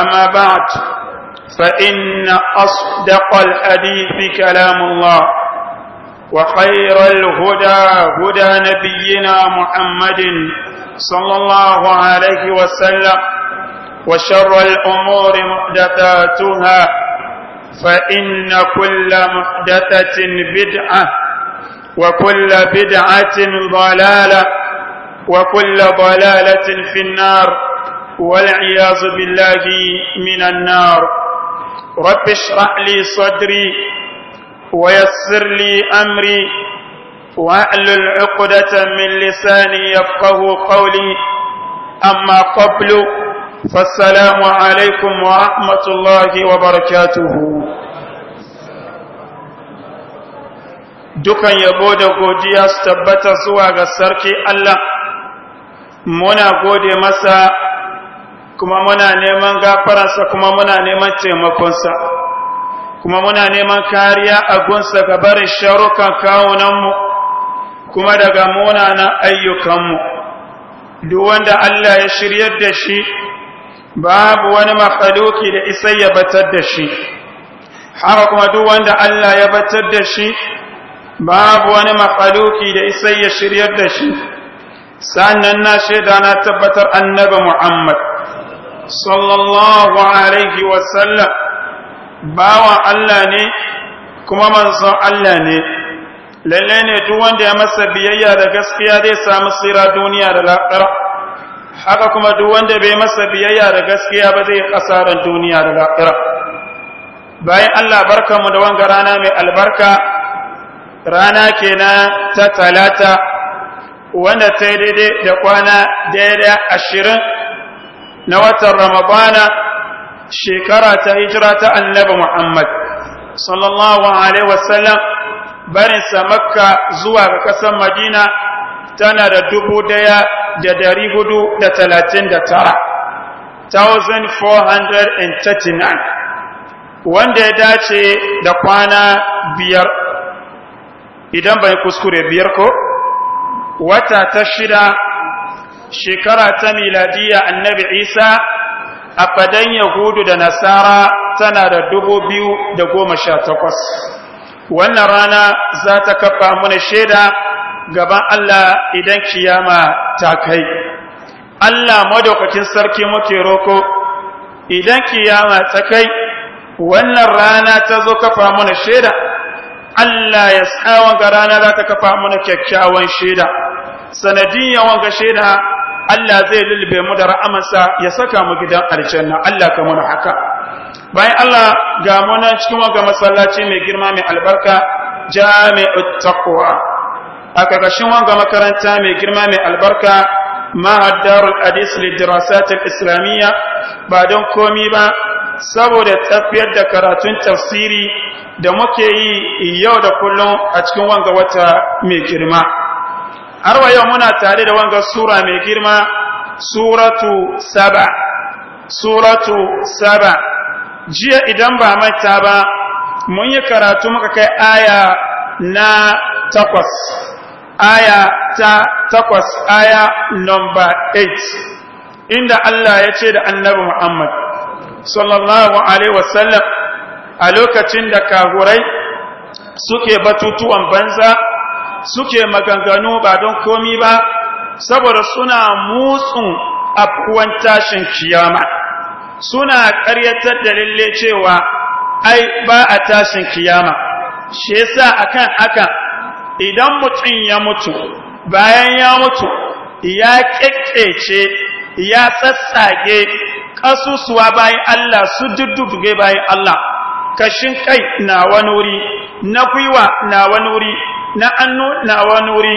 أما بعد فإن أصدق الحديث كلام الله وخير الهدى هدى نبينا محمد صلى الله عليه وسلم وشر الأمور محدثاتها فإن كل محدثة بدعة وكل بدعة ضلالة وكل ضلالة في النار والعياذ بالله من النار رب اشرح لي صدري ويسر لي أمري واحلل عقدة من لساني يفقه قولي أما قبل فالسلام عليكم ورحمة الله وبركاته dukan yabo da godiya su tabbata zuwa ga sarki Allah muna gode masa kuma muna neman gafararsa kuma muna neman taimakonsa kuma muna neman kariya a gunsa ga barin sharukan kawunanmu kuma daga munanan ayyukanmu duk wanda Allah ya shiryar da shi babu wani makhluki da isa ya batar da shi haka kuma duk wanda Allah ya batar da shi babu wani makhluki da isa ya shiryar da shi sannan na shaida na tabbatar annabi Muhammad sallallahu alaihi wasallam bawan Allah ne kuma manzon Allah ne lalle ne duk wanda ya masa biyayya da gaskiya zai samu tsira duniya da lafiyar haka kuma duk wanda bai masa biyayya da gaskiya ba zai kasaran duniya da lafiyar bayan Allah barkanmu da wanga rana mai albarka rana kenan ta talata wanda ta daidai da kwana daidai ashirin na watan ramadana shekara ta hijira ta annabi muhammad sallallahu alaihi wasallam barinsa makka zuwa ga ƙasar madina tana da dubu daya da dari hudu da talatin da tara 1439 wanda ya dace da kwana biyar idan bai kuskure biyar ko wata ta shida shekara ta miladiya annabi isa a fadan yahudu da nasara tana da dubu biyu da goma sha takwas wannan rana za ta kafa mana shaida gaban allah idan kiyama ta kai allah madaukakin sarki muke roko idan kiyama ta kai wannan rana ta zo kafa mana shaida allah ya tsawon ga rana za ta kafa mana kyakkyawan shaida Sanadin yawan wanga shaida Allah zai lulube mu da ra'amansa ya saka mu gidan aljanna Allah ka mana haka bayan Allah ga muna cikin waga masallaci mai girma mai albarka jami'ut taqwa a shin wanga makaranta mai girma mai albarka mahadarar darul hadis lidirasat islamiyya ba don komi ba saboda tafiyar da karatun tafsiri da muke yi yau da kullum a cikin wanga wata mai girma har wa yau muna tare da wanga sura mai girma suratu saba suratu saba jiya idan ba mata ba mun yi karatu muka kai aya na takwas aya ta takwas aya number 8 inda Allah ya ce da annabi Muhammad sallallahu alaihi wasallam a lokacin da kagurai suke batutuwan banza suke maganganu ba don komi ba saboda suna mutsun afkuwan tashin kiyama suna ƙaryatar da lalle cewa ai ba a tashin kiyama shi yasa akan haka idan mutum ya mutu bayan ya mutu ya kekkece ya tsatsage kasusuwa bayan Allah su dudduge bayan Allah kashin kai na wani wuri na gwiwa na wani wuri na annu na nuri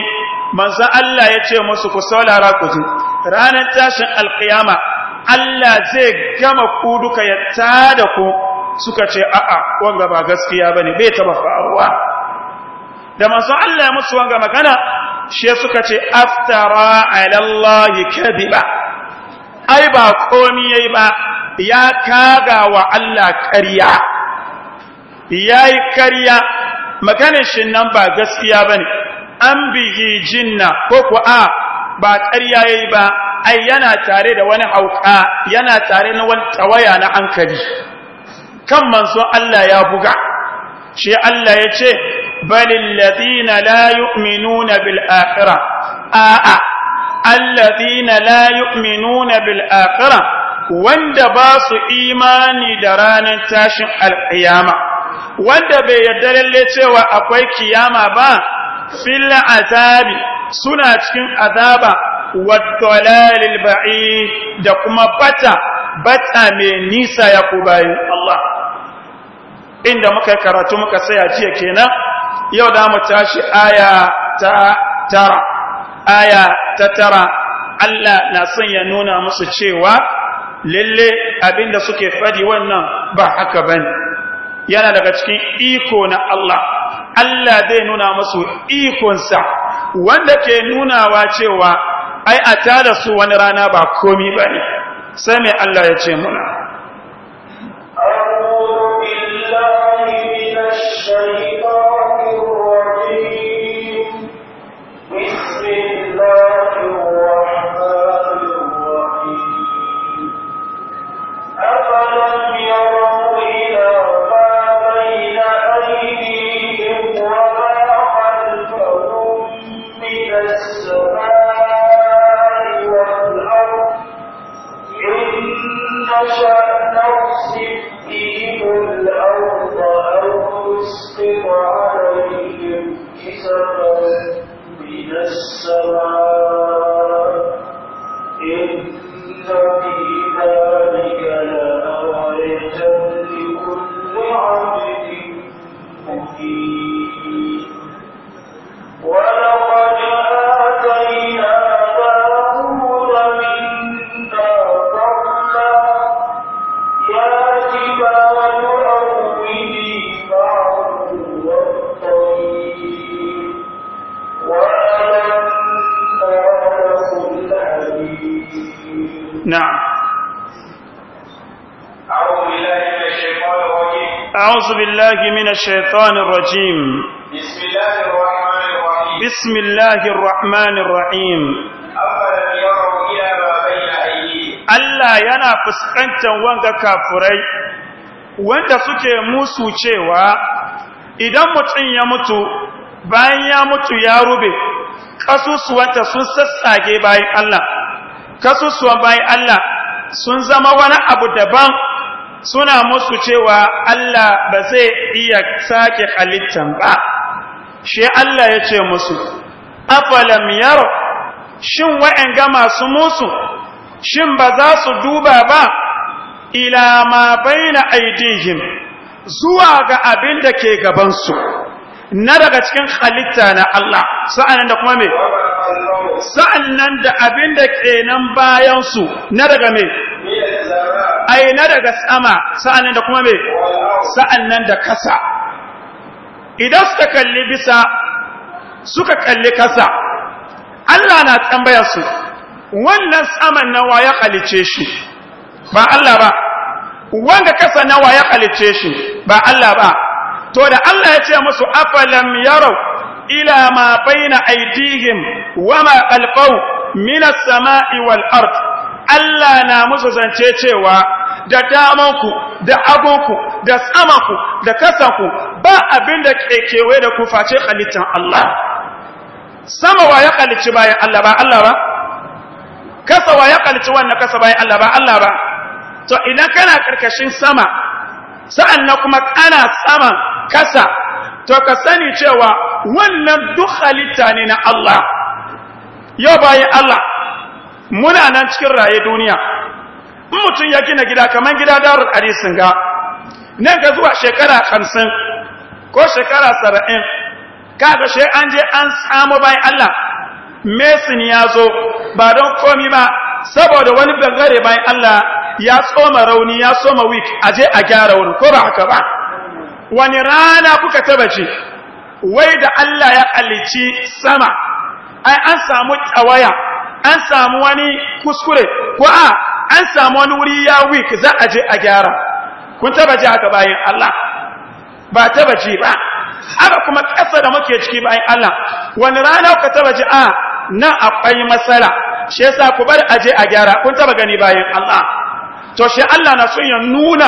manzo Allah ya ce musu ku saulara ku ji ranar tashin alkiyama Allah zai gama ku duka ya tada ku suka ce a'a wanga ba gaskiya bane bai taba faruwa da manzo Allah ya musu wanga magana she suka ce aftara ala Allah kadiba ai ba komi yayi ba ya kaga wa Allah ƙarya yayi ƙarya maganin shin nan ba gaskiya bane an bihi jinna ko ku a ba ƙarya yayi ba ai yana tare da wani hauka yana tare na wani tawaya na hankali kan manzo Allah ya buga shi Allah ya ce balil ladina la yu'minuna bil akhirah a a alladina la yu'minuna bil akhirah wanda ba su imani da ranar tashin alƙiyama wanda bai yarda lalle cewa akwai kiyama ba fil azabi suna cikin azaba wa dalalil ba'i da kuma bata bata mai nisa ya ku Allah inda muka karatu muka saya jiya kenan yau da mu tashi aya ta tara aya ta tara Allah na son ya nuna musu cewa lalle abinda suke fadi wannan ba haka bane yana daga cikin iko na Allah Allah zai nuna musu ikonsa wanda ke nunawa cewa ai a tada su wani rana ba komi ba ne sai mai Allah ya ce muna Allah. الشيطان الرجيم بسم الله الرحمن الرحيم بسم الله الرحمن الرحيم أفلم wanda suke musu cewa idan mutum ya mutu bayan ya mutu ya rube kasusuwanta sun sassage bayan Allah kasusuwan bayan Allah sun zama wani abu daban suna musu cewa Allah ba zai iya sake halittan ba shi Allah ya ce musu afalam yaro shin wa'anga masu musu shin ba za su duba ba ila ma baina aidihim zuwa ga abin da ke gabansu na daga cikin halitta na Allah sa'an da kuma me sa'an nan da abin da ke nan bayansu na daga me Aina daga sama sa'an nan da kuma me nan da kasa idan suka kalli bisa suka kalli kasa Allah na tambayar su wannan saman nawa ya kalice shi ba Allah ba wanda kasa nawa ya kalice shi ba Allah ba to da Allah ya ce musu afalam yarau ila ma baina aidihim wa ma alqaw min samai wal ard Allah na musu zance cewa da damanku da agonku da tsamanku da kasanku ba abin da kekewe da ku face halittar Allah sama wa ya kalici bayan Allah ba Allah ba kasa wa ya kalici wannan kasa bayan Allah ba Allah ba to idan kana karkashin sama sa'an na kuma kana saman kasa to ka sani cewa wannan duk halitta ne na Allah yau bayan Allah muna nan cikin raye duniya in mutum ya gina gida kamar gida darul hadisin ga nan ga zuwa shekara hamsin ko shekara sara'in kaga shi an je an samu bayan Allah mesin ya zo ba don komi ba saboda wani bangare bayan Allah ya tsoma rauni ya tsoma wik a je a gyara wuri ko ba haka ba wani rana kuka taba wai da Allah ya kalici sama ai an samu tsawaya an samu wani kuskure ko a an samu wani wuri ya weak za a je a gyara kun taba ji haka bayan Allah ba taba ji ba haka kuma ƙasa da muke ciki bayan Allah wani rana ka taba ji a ah, nan akwai matsala shi yasa ku bar aje a gyara kun taba gani bayan Allah to shi Allah na son ya nuna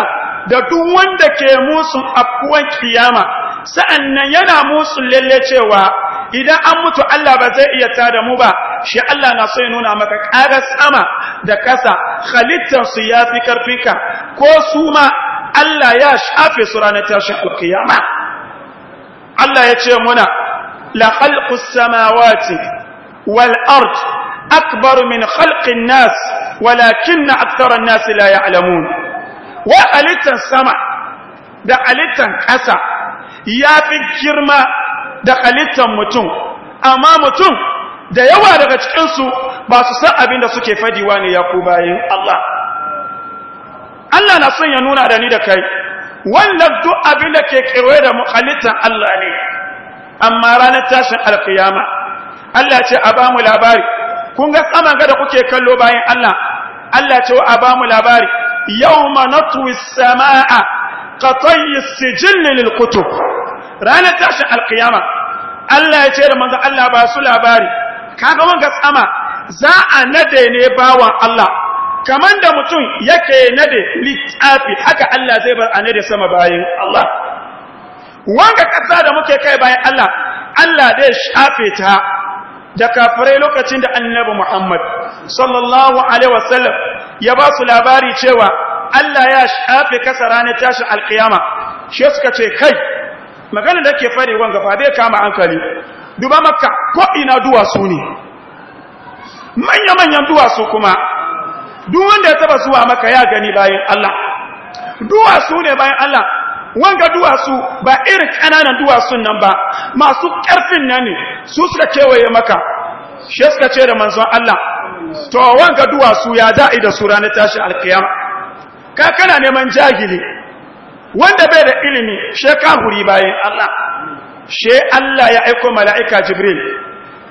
da duk wanda ke musun afkuwan kiyama sa'annan yana musu lalle cewa idan an mutu Allah ba zai iya tada mu ba shi Allah na so ya nuna maka ƙarar sama da ƙasa halittar su ya fi karfinka ko su ma Allah ya shafe su ranar tashin alkiyama Allah ya ce muna la khalqus samawati wal ard akbar min khalqin nas na aktharan nas la ya'lamun wa halittar sama da halittar ƙasa ya fi girma da halittar mutum amma mutum da yawa daga cikinsu ba su san abin da suke fadiwa ne ya ku bayan Allah Allah na son ya nuna da ni da kai wannan duk abin da ke kewaye da halittar Allah ne amma ranar tashin alkiyama Allah ce a ba mu labari kun ga saman gada kuke kallo bayan Allah Allah ce a ba mu labari yau manatu sama'a قطي السجل للكتب ranar tashin alkiyama Allah ya ce da manza Allah ba su labari kaga wanga sama za a nade ne bawan Allah Kamar da mutum yake nade littafi haka Allah zai bar a nade sama bayan Allah wanga kasa da muke kai bayan Allah Allah zai shafe ta da kafirai lokacin da annabi Muhammad sallallahu alaihi wasallam ya ba su labari cewa Allah ya shafe kasa ranar tashin alkiyama shi suka ce kai magana da ke fari wanga ba bai kama hankali duba makka ko ina duwatsu ne manya-manyan duwatsu kuma duk wanda ya taba zuwa maka ya gani bayan Allah duwatsu ne bayan Allah wanga duwatsu ba irin kananan duwatsun nan ba masu karfin nan ne su suka kewaye maka shi suka ce da manzon Allah to wanga duwatsu ya da'i da su ranar tashi alkiyama ka kana neman jagili wanda bai da ilimi she kahuri bayan Allah she Allah ya aika mala'ika Jibril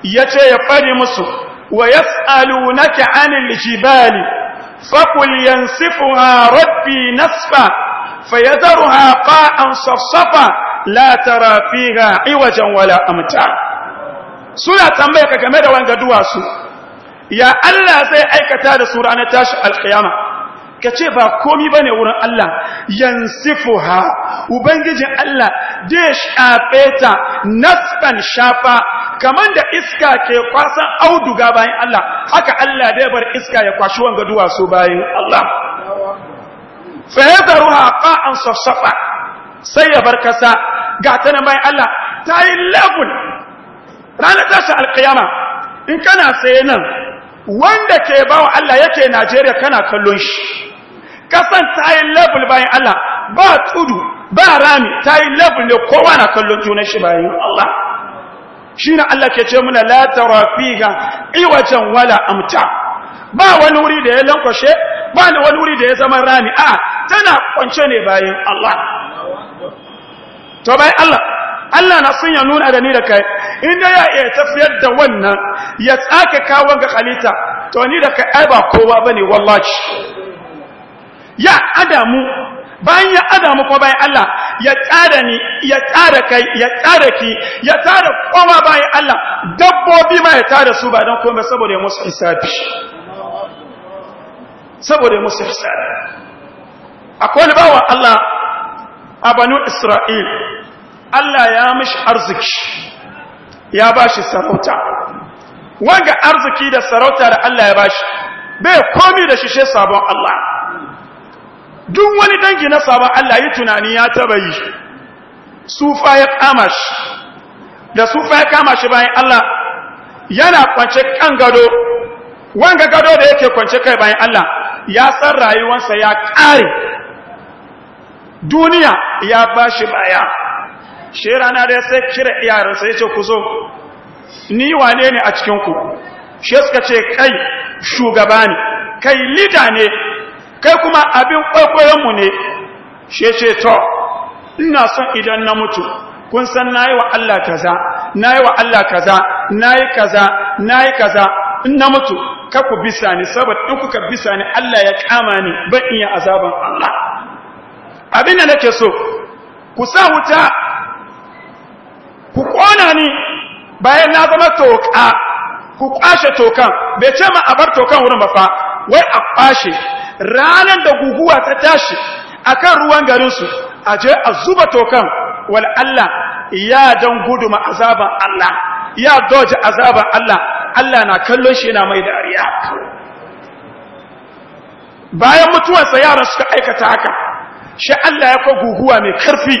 yace ya fari musu wa yas'alunaka 'anil jibali faqul yansifuha rabbi nasfa fayadharuha qa'an safsafa la tara fiha iwajan wala amta suna tambaya ka game da wanga su. ya Allah zai aikata da su ranar tashi alkiyama ka ce ba komi ba ne wurin Allah yansifuha ha ubangijin Allah dai shafe ta nasban shafa kamar da iska ke kwasan auduga bayan Allah haka Allah da ya bar iska ya kwashi wanga duwatsu bayan Allah fa ruha qa'an safsafa sai ya bar kasa ga ta nan bayan Allah ta yi level ranar tashi alkiyama in kana saye nan wanda ke bawa Allah yake Najeriya kana kallon shi kasan ta yi level bayan Allah ba tudu ba rami ta yi level ne kowa na kallon junan shi bayan Allah shi na Allah ke ce muna latara ga iwacin wala amta ba wani wuri da ya lankwashe ba wani wuri da ya zama rami a tana kwance ne bayan Allah to bayan Allah Allah na sun ya nuna da ni da kai inda ya iya tafiyar da wannan ya tsake kawon ga halitta to ni da kai ai ba kowa bane wallahi ya adamu bayan ya adamu ko bayan Allah ya tsara ni ya tsara kai ya tsara ki ya tsara koma bayan Allah dabbobi ma ya tsara su ba don komai saboda ya musu hisabi saboda ya musu hisabi akwai libawa Allah a banu Isra'il Allah ya mishi arziki ya ba shi sarauta wanga arziki da sarauta da Allah ya ba shi bai komi da shishe sabon Allah duk wani dangi na sabon Allah yi tunani ya taba yi sufa ya da sufa ya kama shi bayan Allah yana kwance kan gado wanga gado da yake kwance kai bayan Allah ya san rayuwarsa ya kare duniya ya bashi baya shi rana da sai kira iyaransa ya ce ku zo ni wane ne a cikinku shi suka ce kai shugaba ne kai lida ne kai kuma abin kwaikwayonmu ne she ce to ina son idan na mutu kun san na yi wa Allah kaza na yi wa Allah kaza na yi kaza na yi kaza in na mutu ka ku bisa ni saboda in kuka bisa ni Allah ya kama ni ban iya azaban Allah abin da nake so ku sa wuta ku kona ni bayan na zama toka ku kwashe tokan bai ce ma a bar tokan wurin ba fa wai a kwashe ranar da guguwa ta tashi akan ruwan garinsu a je a zuba tokan wal Allah ya dan guduma azaban Allah ya doje azaban Allah Allah na kallon shi na mai dariya bayan mutuwarsa yaran suka aikata haka shi Allah ya kwa guguwa mai karfi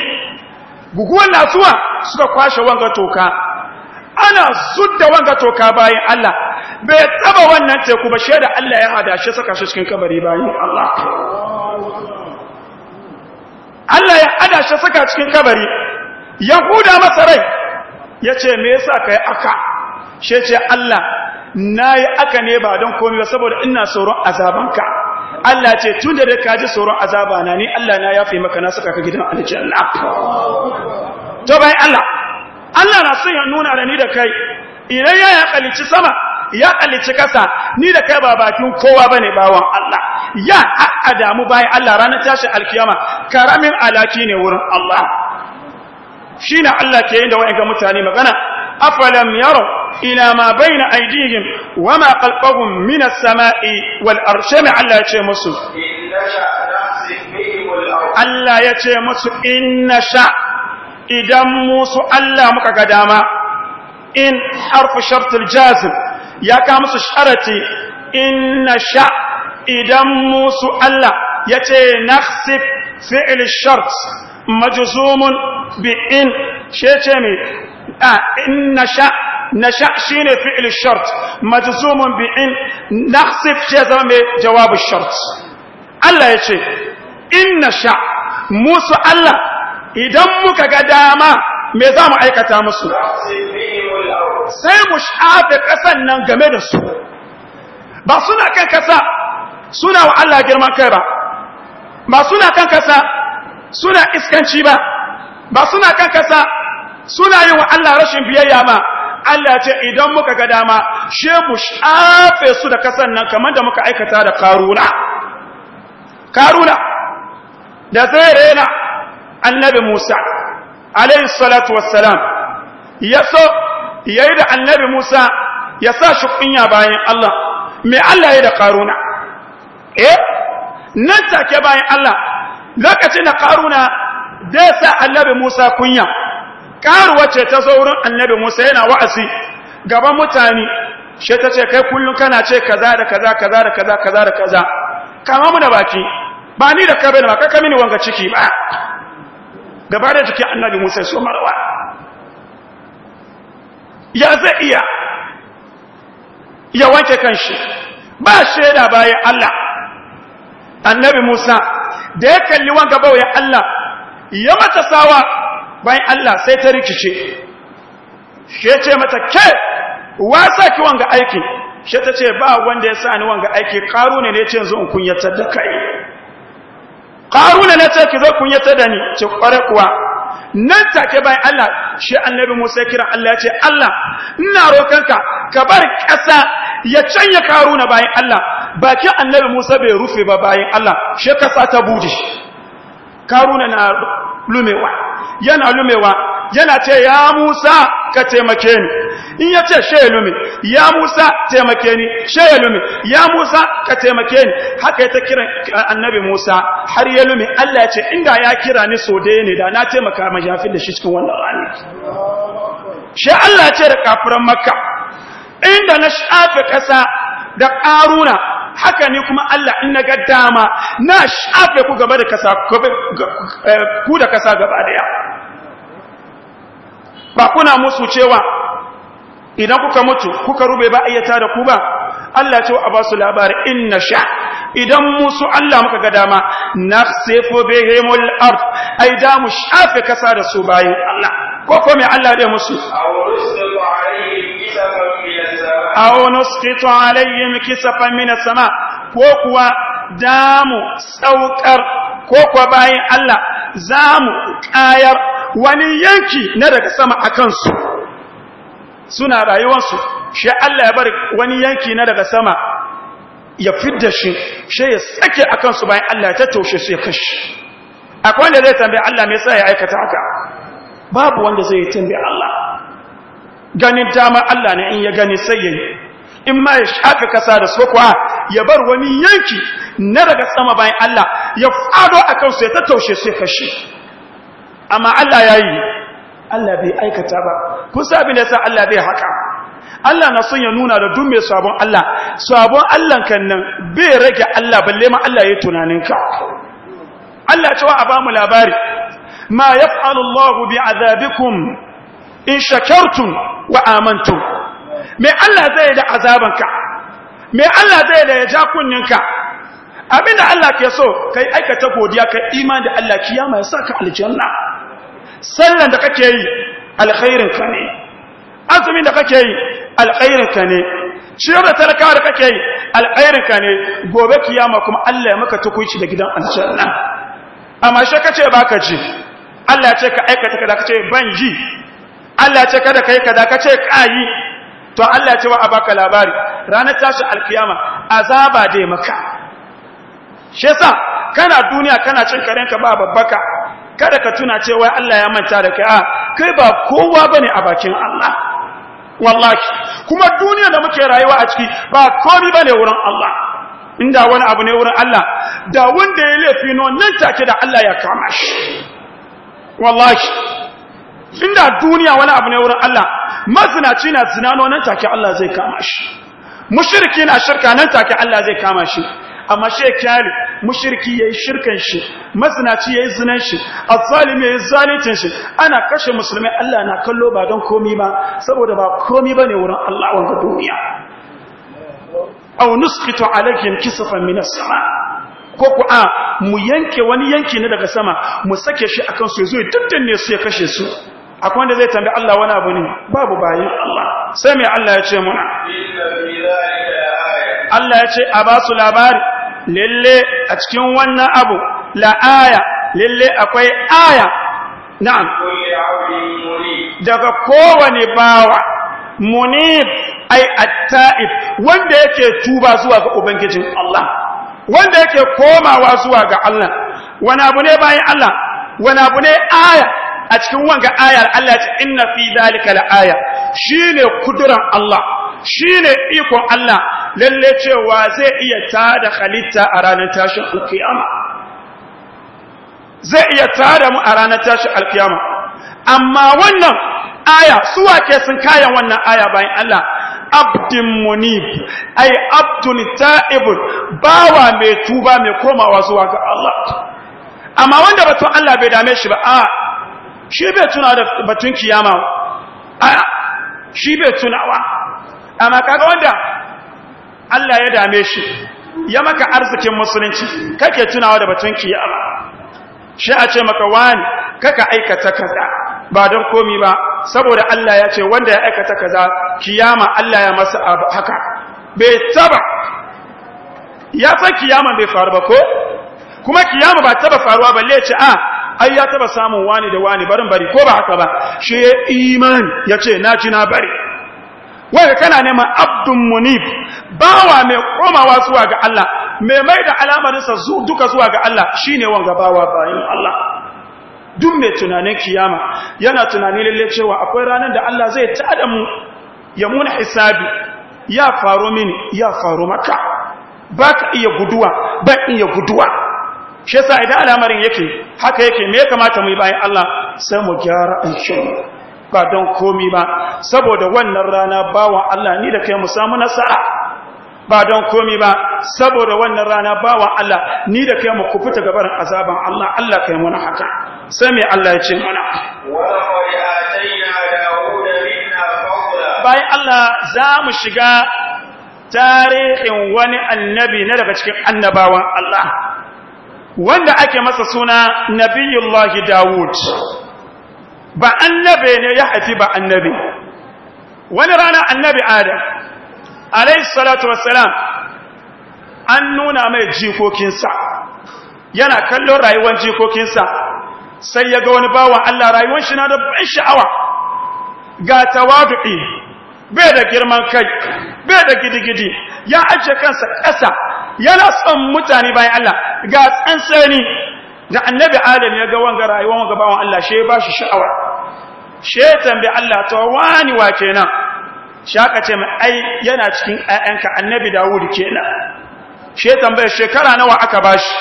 guguwar nasuwa suka kwashe wanga toka ana sudda wanga toka bayan Allah bai taba wannan teku ba shaida Allah ya hada shi saka shi cikin kabari bayan Allah Allah ya hada shi saka cikin kabari yahuda masa rai yace me yasa kai aka she ce Allah nayi aka ne ba don komai ba saboda ina tsoron azabanka Allah ce tun da ka ji tsoron azabana ni Allah na yafe maka na saka ka gidan aljanna to bayan Allah Allah na son ya nuna da ni da kai idan ya ya kalici sama ya kalici kasa ni da kai ba bakin kowa bane bawan Allah ya damu bai Allah ranar tashi alkiyama karamin alaki ne wurin Allah na Allah ke yin da wayan ga mutane magana afalam yaro ila ma baina aydihim wama khalfahum min samai wal arshami Allah ya ce musu Allah ya ce musu inna sha' idan musu Allah muka ga dama in harfu shartul jazim ya ka musu sharati inna sha idan musu Allah yace nakhsif fi'l shart majzumun bi in shece me a inna sha nasha shine fi'l shart majzumun bi in nakhsif ce zama me jawabu shart Allah yace inna sha musu Allah idan muka ga dama me za mu aikata musu sai mu shafe ƙasan nan game da su ba suna kan kasa suna wa Allah girman kai ba ba suna kan kasa suna iskanci ba ba suna kan kasa suna yi wa Allah rashin biyayya ba Allah ce idan muka ga dama she mu shafe su da kasan nan kamar da muka aikata da karuna karuna da zai rena annabi Musa alayhi salatu wassalam ya so yayi da annabi Musa ya sa shi kunya bayan Allah me Allah ya da karuna eh nan take bayan Allah lokacin da karuna da sa annabi Musa kunya ƙaruwace ce ta zo wurin annabi Musa yana wa'azi gaban mutane shi ta ce kai kullun kana ce kaza da kaza kaza da kaza kaza da kaza kama mu da baki ba ni da kabe da baka kai mini wanga ciki ba gaba da jiki annabi musa su marwa ya zai iya ya wanke kanshi ba shaida bayan allah annabi musa da ya kalli wanka bauya allah ya mata sawa bayan allah sai ta rikice shi ce mata ke wasa ki wanga aiki shi ta ce ba wanda ya sa ni wanga aiki karu ne ne ce zuwa in kunyatar da kai ƙaruna na ce ki zo kun yata da ni ce ƙware kuwa nan take bayan Allah shi annabi Musa kira Allah ya ce Allah ina rokanka ka bar ƙasa ya canya ƙaruna bayan Allah baki annabi Musa bai rufe ba bayan Allah shi ƙasa ta buɗe ƙaruna na lumewa yana lumewa yana ce ya Musa ka taimake ni in ya ce shaye lumi ya Musa taimake ni shaye lumi ya Musa ka taimake ni haka ya ta kiran eh, annabi Musa har ya lumi, Allah ya ce inda ya kira ni so da ne da na taimaka ma jafin da shi cikin wannan rani shi Allah ya ce da kafiran makka inda na shafe kasa da ƙaruna haka ne kuma Allah in na ga dama na shafe ku gaba da kasa eh, ku da kasa gaba daya ba kuna musu cewa idan kuka mutu kuka rube ba ayyata da ku ba Allah ce wa ba su labari in sha idan musu Allah muka ga dama na sefo behemul arf ai da mu shafe kasa da su bayan Allah ko kome Allah ɗaya musu aw nusqitu alaihim kisafan min sama ko kuwa damu saukar ko kuwa bayan Allah zamu kayar wani yanki na daga sama akan su suna rayuwarsu shi Allah ya bar wani yanki na daga sama ya fidda shi shi ya sake akan su bayan Allah ya tattaushe su ya kashi akwai wanda zai tambaye Allah me yasa ya aikata haka babu wanda zai tambaye Allah ganin dama Allah ne in ya gani sai yayi in ma ya shaka kasa da su kuwa ya bar wani yanki na daga sama bayan Allah ya fado akan su ya tattaushe sai kashi amma Allah yayi Allah bai aikata ba kun sabi da sa Allah bai haka Allah na son ya nuna da duk mai sabon Allah sabon Allah kan nan bai rage Allah balle ma Allah ya ka Allah ya cewa a bamu labari ma yaf'alullahu Allahu bi'adabikum in shakartum wa amantum me Allah zai da azabanka me Allah zai da ya ja kunninka abinda Allah ke so kai aikata godiya kai iman da Allah kiyama ya saka aljanna sallan da kake yi alkhairin ka ne azumin da kake yi alkhairin ka ne ciyar da talakawa da kake yi alkhairin ka ne gobe kiyama kuma Allah ya maka tukuici da gidan aljanna amma shi kace baka ji Allah ya ce ka aikata ka da kace ban ji Allah ce kada kai kada ka ce kayi to Allah ce wa a baka labari ranar tashi alkiyama azaba dai maka shi yasa kana duniya kana cin karenka ba babbaka kada ka tuna cewa Allah ya manta da kai a kai ba kowa bane a bakin Allah wallahi kuma duniya da muke rayuwa a ciki ba komai bane wurin Allah inda wani abu ne wurin Allah da wanda ya laifi no nan take da Allah ya kama shi wallahi inda duniya wani abu ne wurin Allah mazinaci na zinano nan take Allah zai kama shi mushriki na shirka nan take Allah zai kama shi amma shi kyali mushriki yayi shirkan shi mazinaci yayi zinan shi azzalimi yayi zalincin shi ana kashe musulmai Allah na kallo ba don komi ba saboda ba komi bane wurin Allah wannan duniya aw nusqitu alaykum kisfan min ko ku a mu yanke wani yanki ne daga sama mu sake shi akan su zo ya daddanne su ya kashe su akwai wanda zai tambi Allah wani abu ne babu bayin Allah sai mai Allah ya ce muna Allah ya ce a ba su labari lalle a cikin wannan abu aya lalle akwai aya na'am daga kowane bawa munib ai at-ta'ib wanda yake tuba zuwa ga ubangijin Allah wanda yake komawa zuwa ga Allah wani abu ne bayan Allah wani abu ne aya a cikin wanga ayar Allah ya ce inna fi zalika la'aya shine kuduran Allah shine ikon Allah lalle cewa zai iya tada halitta a ranar tashin alkiyama zai iya tada mu a ranar tashin alkiyama amma wannan aya su wake sun kayan wannan aya bayan Allah abdin munib ay abdun ta'ibun bawa mai tuba mai komawa zuwa ga Allah amma wanda batun Allah bai dame shi ba a shi bai tuna da batun kiyama a shi bai tunawa a kaga wanda Allah ya dame shi ya maka arzikin musulunci kake tunawa da batun kiyama shi a ce maka wani kaka aikata kaza ba don komi ba saboda Allah ya ce wanda ya aikata kaza kiyama Allah ya masa haka bai taba ya san kiyama bai faru ba ko kuma kiyama ba taba faruwa balle ce a ah, ai ya taba samun wani da wani barin bari ko ba haka ba shi ya imani ya ce na ci na bari wanda kana neman abdun munib bawa mai komawa zuwa ga Allah mai mai da alamarinsa duka zuwa ga Allah shi ne wanga bawa bayan Allah dun mai tunanin kiyama yana tunanin lalle cewa akwai ranar da Allah zai tada mu ya muna hisabi ya faru mini ya faru maka ba ka iya guduwa ba iya guduwa shi sa idan al'amarin yake haka yake me ya kamata mu yi bayan Allah sai mu gyara aikin ba don komi ba saboda wannan rana bawan Allah ni da kai mu samu nasara ba don komi ba saboda wannan rana bawan Allah ni da kai mu kufuta gabarin azaban Allah Allah kai mu na haka sai me Allah ya ce mana bayan Allah za mu shiga tarihin wani annabi na daga cikin annabawan Allah wanda ake masa suna nabiyullahi dawud ba annabe ne ya haifi ba annabi wani rana annabi adam alayhi salatu wassalam an nuna mai jikokinsa yana kallon rayuwar jikokinsa sai ya ga wani bawan Allah rayuwar shi na da ban sha'awa ga tawadu'i bai da girman kai bai da gidigidi ya ajiye kansa ƙasa yana son mutane bayan Allah ga tsantsani da annabi adam ya ga wanga rayuwar wanga bawan Allah she ba shi sha'awa she tambi Allah to wani wa kenan shaka ce mai ai yana cikin ayyanka annabi Dawud kenan she tambaye shekara nawa aka bashi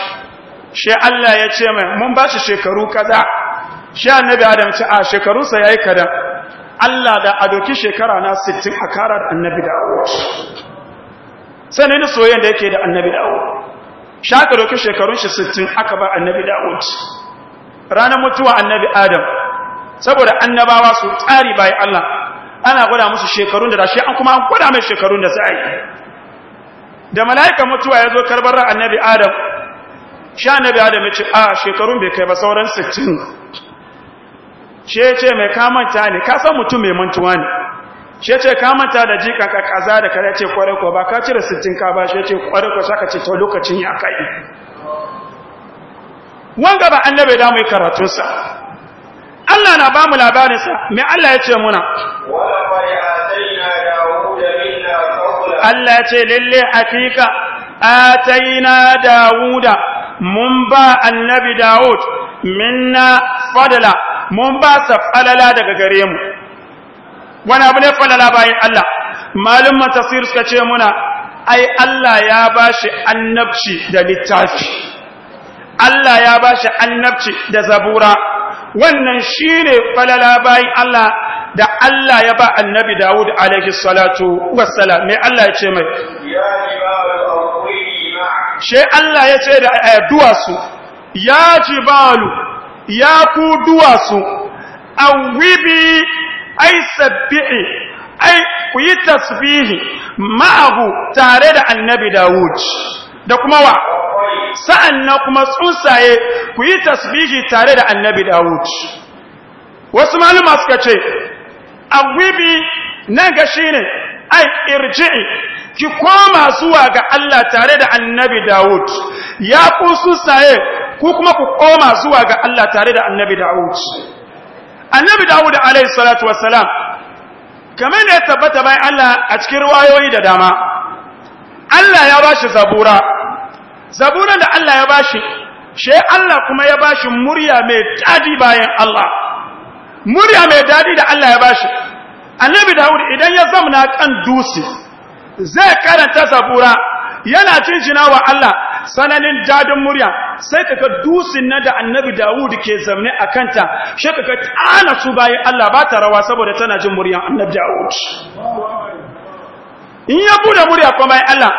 she Allah ya ce mai mun bashi shekaru kaza she annabi adam ce a shekarunsa yayi kadan Allah da adoki shekara na 60 a karar annabi Dawud sai da soyayyar da yake da annabi dawud shaka doki shekarun shi 60 aka ba annabi dawud ranar mutuwa annabi adam saboda annabawa su tsari bayan Allah ana gwada musu shekarun da da shi an kuma an gwada mai shekarun da sai da mala'ika mutuwa ya zo karbar ran annabi adam sha annabi adam ya ce a shekarun bai kai ba sauran 60 ce ce mai kamanta ne ka san mutum mai mantuwa ne shi ce ka manta da jikan ka kaza da kare ce kwarai ko ba ka cire sittin ka ba shi ce kwarai ko saka ce to lokacin ya kai wanga ba annabi da mu karatun sa Allah na ba mu labarin sa me Allah ya ce muna Allah ya ce lalle hakika ataina dawuda mun ba annabi dawud minna fadala mun ba sa falala daga gare mu wani abu ne falala bayan Allah malin matasir suka ce muna ai Allah ya ba shi annabci da littafi Allah ya ba shi annabci da zabura wannan shi ne falala bayan Allah da Allah ya ba annabi Dawud alaihi salatu wassalam mai Allah ya ce mai shi Allah ya ce da eh, su. ya jibalu ya ku duwatsu wibi. ai sabbi'i ai ku yi tasbihi ma'ahu tare da annabi Dawud da kuma wa sa'annan kuma tsuntsaye ku yi tasbihi tare da annabi Dawud wasu maluma suka ce agwibi nan ga shine ai irji'i ki koma zuwa ga Allah tare da annabi Dawud ya ku ku kuma ku koma zuwa ga Allah tare da annabi Dawud annabi dawud Alayhi salatu wassalam kamar da ya tabbata bayan Allah a cikin ruwayoyi da dama Allah ya bashi zabura zaburan da Allah ya bashi she Allah kuma ya bashi murya mai dadi bayan Allah murya mai dadi da Allah ya bashi annabi dawud idan ya zamna kan dusi zai karanta zabura yana cincina wa Allah sananin dadin murya sai kaga dusin na da annabi Dawud ke zamne a kanta shi kaga tana su bayan Allah ba ta rawa saboda tana jin muryan annabi Dawud in ya bude murya kuma bayan Allah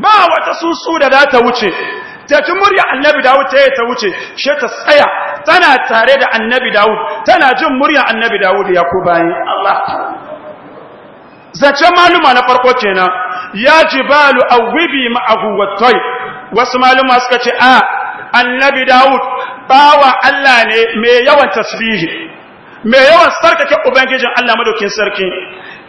ba wata susu da za ta wuce ta ji murya annabi Dawud ta yi ta wuce shi ta tsaya tana tare da annabi Dawud tana jin murya annabi Dawud ya ku bayan Allah zace maluma na farko kenan ya jibalu awwibi ma'ahu wattai wasu maluma suka ce a ah, annabi Dawud bawa Allah ne mai yawan tasbihi mai yawan sarkake ubangijin Allah madaukin sarki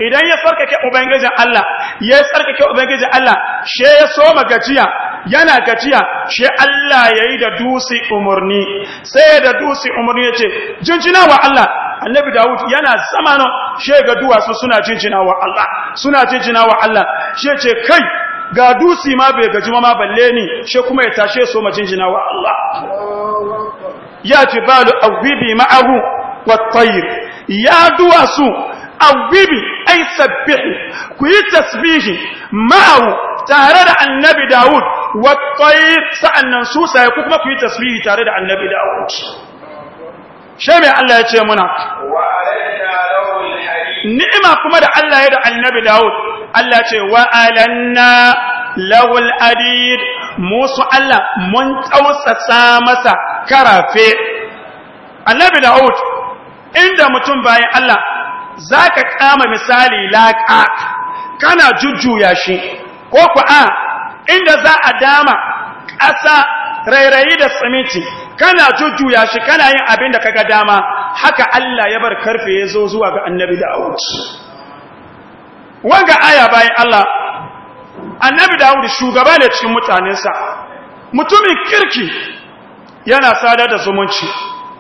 idan ya sarkake ubangijin Allah ya sarkake ubangijin Allah she ya soma gajiya yana gajiya she Allah yayi da dusi umurni sai da dusi umurni yace jinjina wa Allah annabi Dawud yana zamanin she ga duwatsu suna jinjina wa Allah suna jinjina wa Allah she ce kai ga dusi ma bai gaji ma balle ni she kuma ya tashe so majinjina wa Allah ya jibalu awibi ma'ahu wat tayr ya duwasu awibi ay sabbihi ku yi tasbihi ma'ahu tare da annabi daud wat tayr sa'annan su sai ku kuma ku yi tasbihi tare da annabi Dawud she mai Allah ya ce muna ni'ima kuma da Allah ya da annabi Dawud Allah ce wa alanna lawul adid musu Allah mun tausasa masa karafe annabi daud inda mutum bayan Allah zaka kama misali laqa kana jujjuya shi ko ku a inda za a dama ƙasa rairayi da siminti kana jujjuya shi kana yin abin da kaga dama haka Allah ya bar karfe ya zo zuwa ga annabi daud wanga aya bayan Allah annabi Dawud shugaba ne cikin mutanensa mutumin kirki yana sadar da zumunci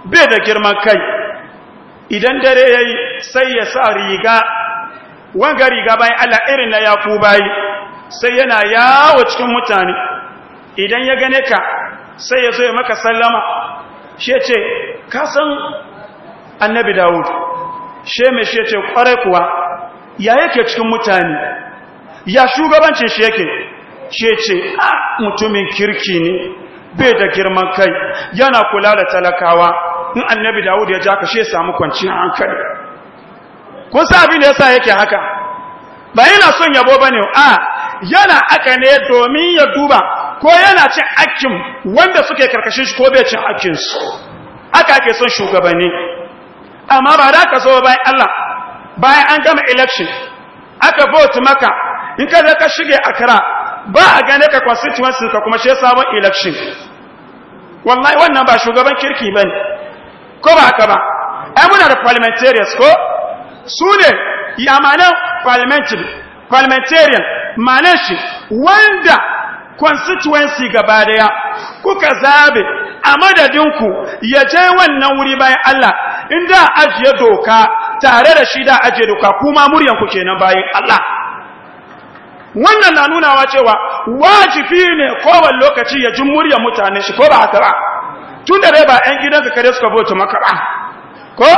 bai da girman kai idan dare ya yi, sai ya sa riga wanga riga bayan Allah irin na yafu bayi sai yana yawo cikin mutane idan ya gane ka sai ya zo ya maka sallama shi ya ce ka san annabi Dawud shi mai shi ya ce kwarai kuwa ya yake cikin mutane ya shugabancin shi yake shi ce a ah, mutumin kirki ne bai da girman kai yana kula da talakawa in annabi dawud ya ja shi ya samu kwanciyar hankali kun sa abin da yasa yake haka ba yana son yabo ba ne? a ah, yana aka ne domin ya duba ko yana cin hakkin wanda suke karkashin shi ko bai cin hakkin su aka ake son shugabanni amma ba da ka so bayan Allah bayan an gama election aka vote maka in ka zaka shige akra ba a gane ka constituency ka kuma she sabon election wallahi wannan ba shugaban kirki bane ko ba haka ba ai muna da parliamentarians ko su ne yamanan parliamentary parliamentarian manan shi wanda constituency gaba daya kuka zabe a madadin ku ya je wannan wuri bayan Allah inda ajiye doka tare da shi da ajiye doka kuma muryanku kenan bayan Allah wannan na nuna wa cewa wajibi ne kowane lokaci ya ji muryar mutane shi ko ba haka ba tun da dai ba 'yan gidan kare suka vote maka ba ko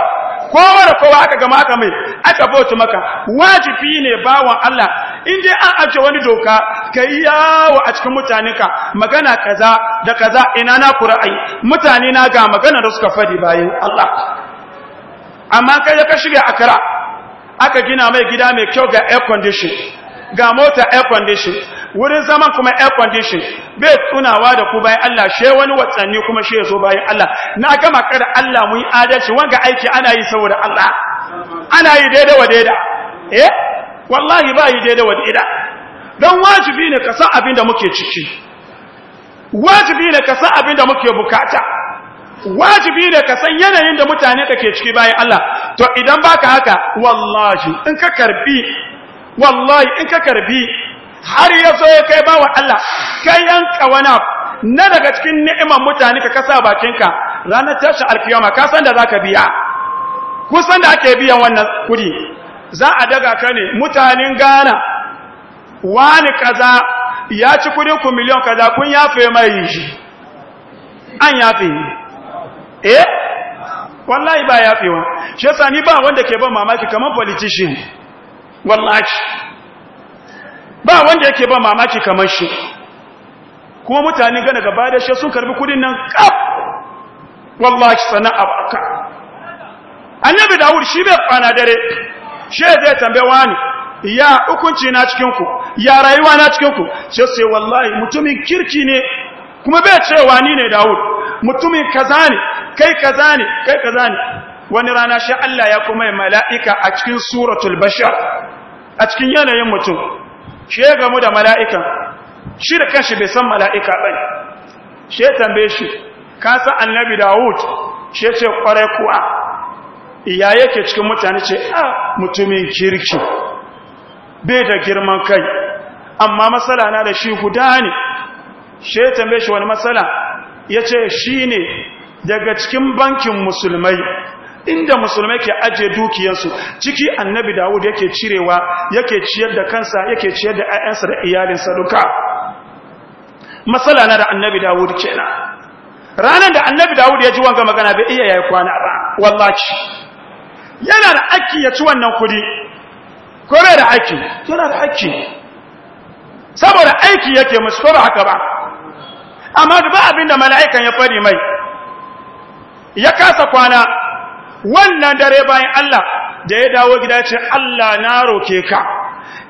kowa da kowa aka gama aka mai aka bauta maka wajibi ne bawan Allah in dai an ajiye wani doka ka yi yawo a cikin mutanenka magana kaza da kaza ina na kura'ai mutane na ga magana da suka fadi bayan Allah amma kai ka shirya akara aka gina mai gida mai kyau ga air condition ga mota air condition wurin zaman kuma air condition bai tunawa da ku bayan Allah shi wani watsanni kuma ya zo bayan Allah na gama kada Allah mu yi adalci wanga aiki ana yi saboda Allah ana yi daidai wa daida eh wallahi ba yi daidai wa daida don wajibi ne ka san abin da muke ciki wajibi ne ka san abin da muke bukata wajibi ne ka san yanayin da mutane kake ciki bayan Allah to idan baka haka wallahi in ka karbi wallahi in ka karbi har ya so ya kai bawa Allah kai yanka wani na daga cikin ni'imar mutane ka kasa bakinka ranar tashi alkiyama ka san da zaka biya kusan da ake biyan wannan kudi za a daga ka ne mutanen Ghana wani kaza ya ci kudin ku miliyan kaza kun yafe mai shi an yafe eh wallahi ba yafewa shi yasa ni ba wanda ke ban mamaki kaman politician wallahi ba wanda yake ba mamaki kamar shi kuma mutane gana gaba da shi sun karbi kudin nan kaf wallahi sana'a baka annabi dawud shi bai kwana dare shi zai tambaye wani ya hukunci na cikin ku ya rayuwa na cikin ku sai sai wallahi mutumin kirki ne kuma bai cewa wani ne dawud mutumin kaza ne kai kaza ne kai kaza ne wani rana shi Allah ya kuma mala'ika a cikin suratul bashar a cikin yanayin mutum shi ya gamu da mala'ika shi da kanshi bai san mala'ika ba shi ya tambaye shi ka san annabi dawud shi ya ce kwarai kuwa iya yake cikin mutane ce a mutumin kirki bai da girman kai amma matsala na da shi guda ne shi ya tambaye shi wani matsala ya ce shi ne daga cikin bankin musulmai inda musulmi ke aje dukiyansu ciki annabi dawud yake cirewa yake ciyar da kansa yake ciyar da ayyansa da iyalinsa duka matsala na da annabi dawud kenan ranar da annabi dawud ya ji wanga magana bai iya yayi kwana ba wallahi yana da aiki ya ci wannan kudi kore da haƙƙi yana da haƙƙi saboda aiki yake musu ko ba haka ba amma da ba abinda mala'ikan ya fari mai ya kasa kwana wannan dare bayan Allah da ya dawo gida ce Allah na roke ka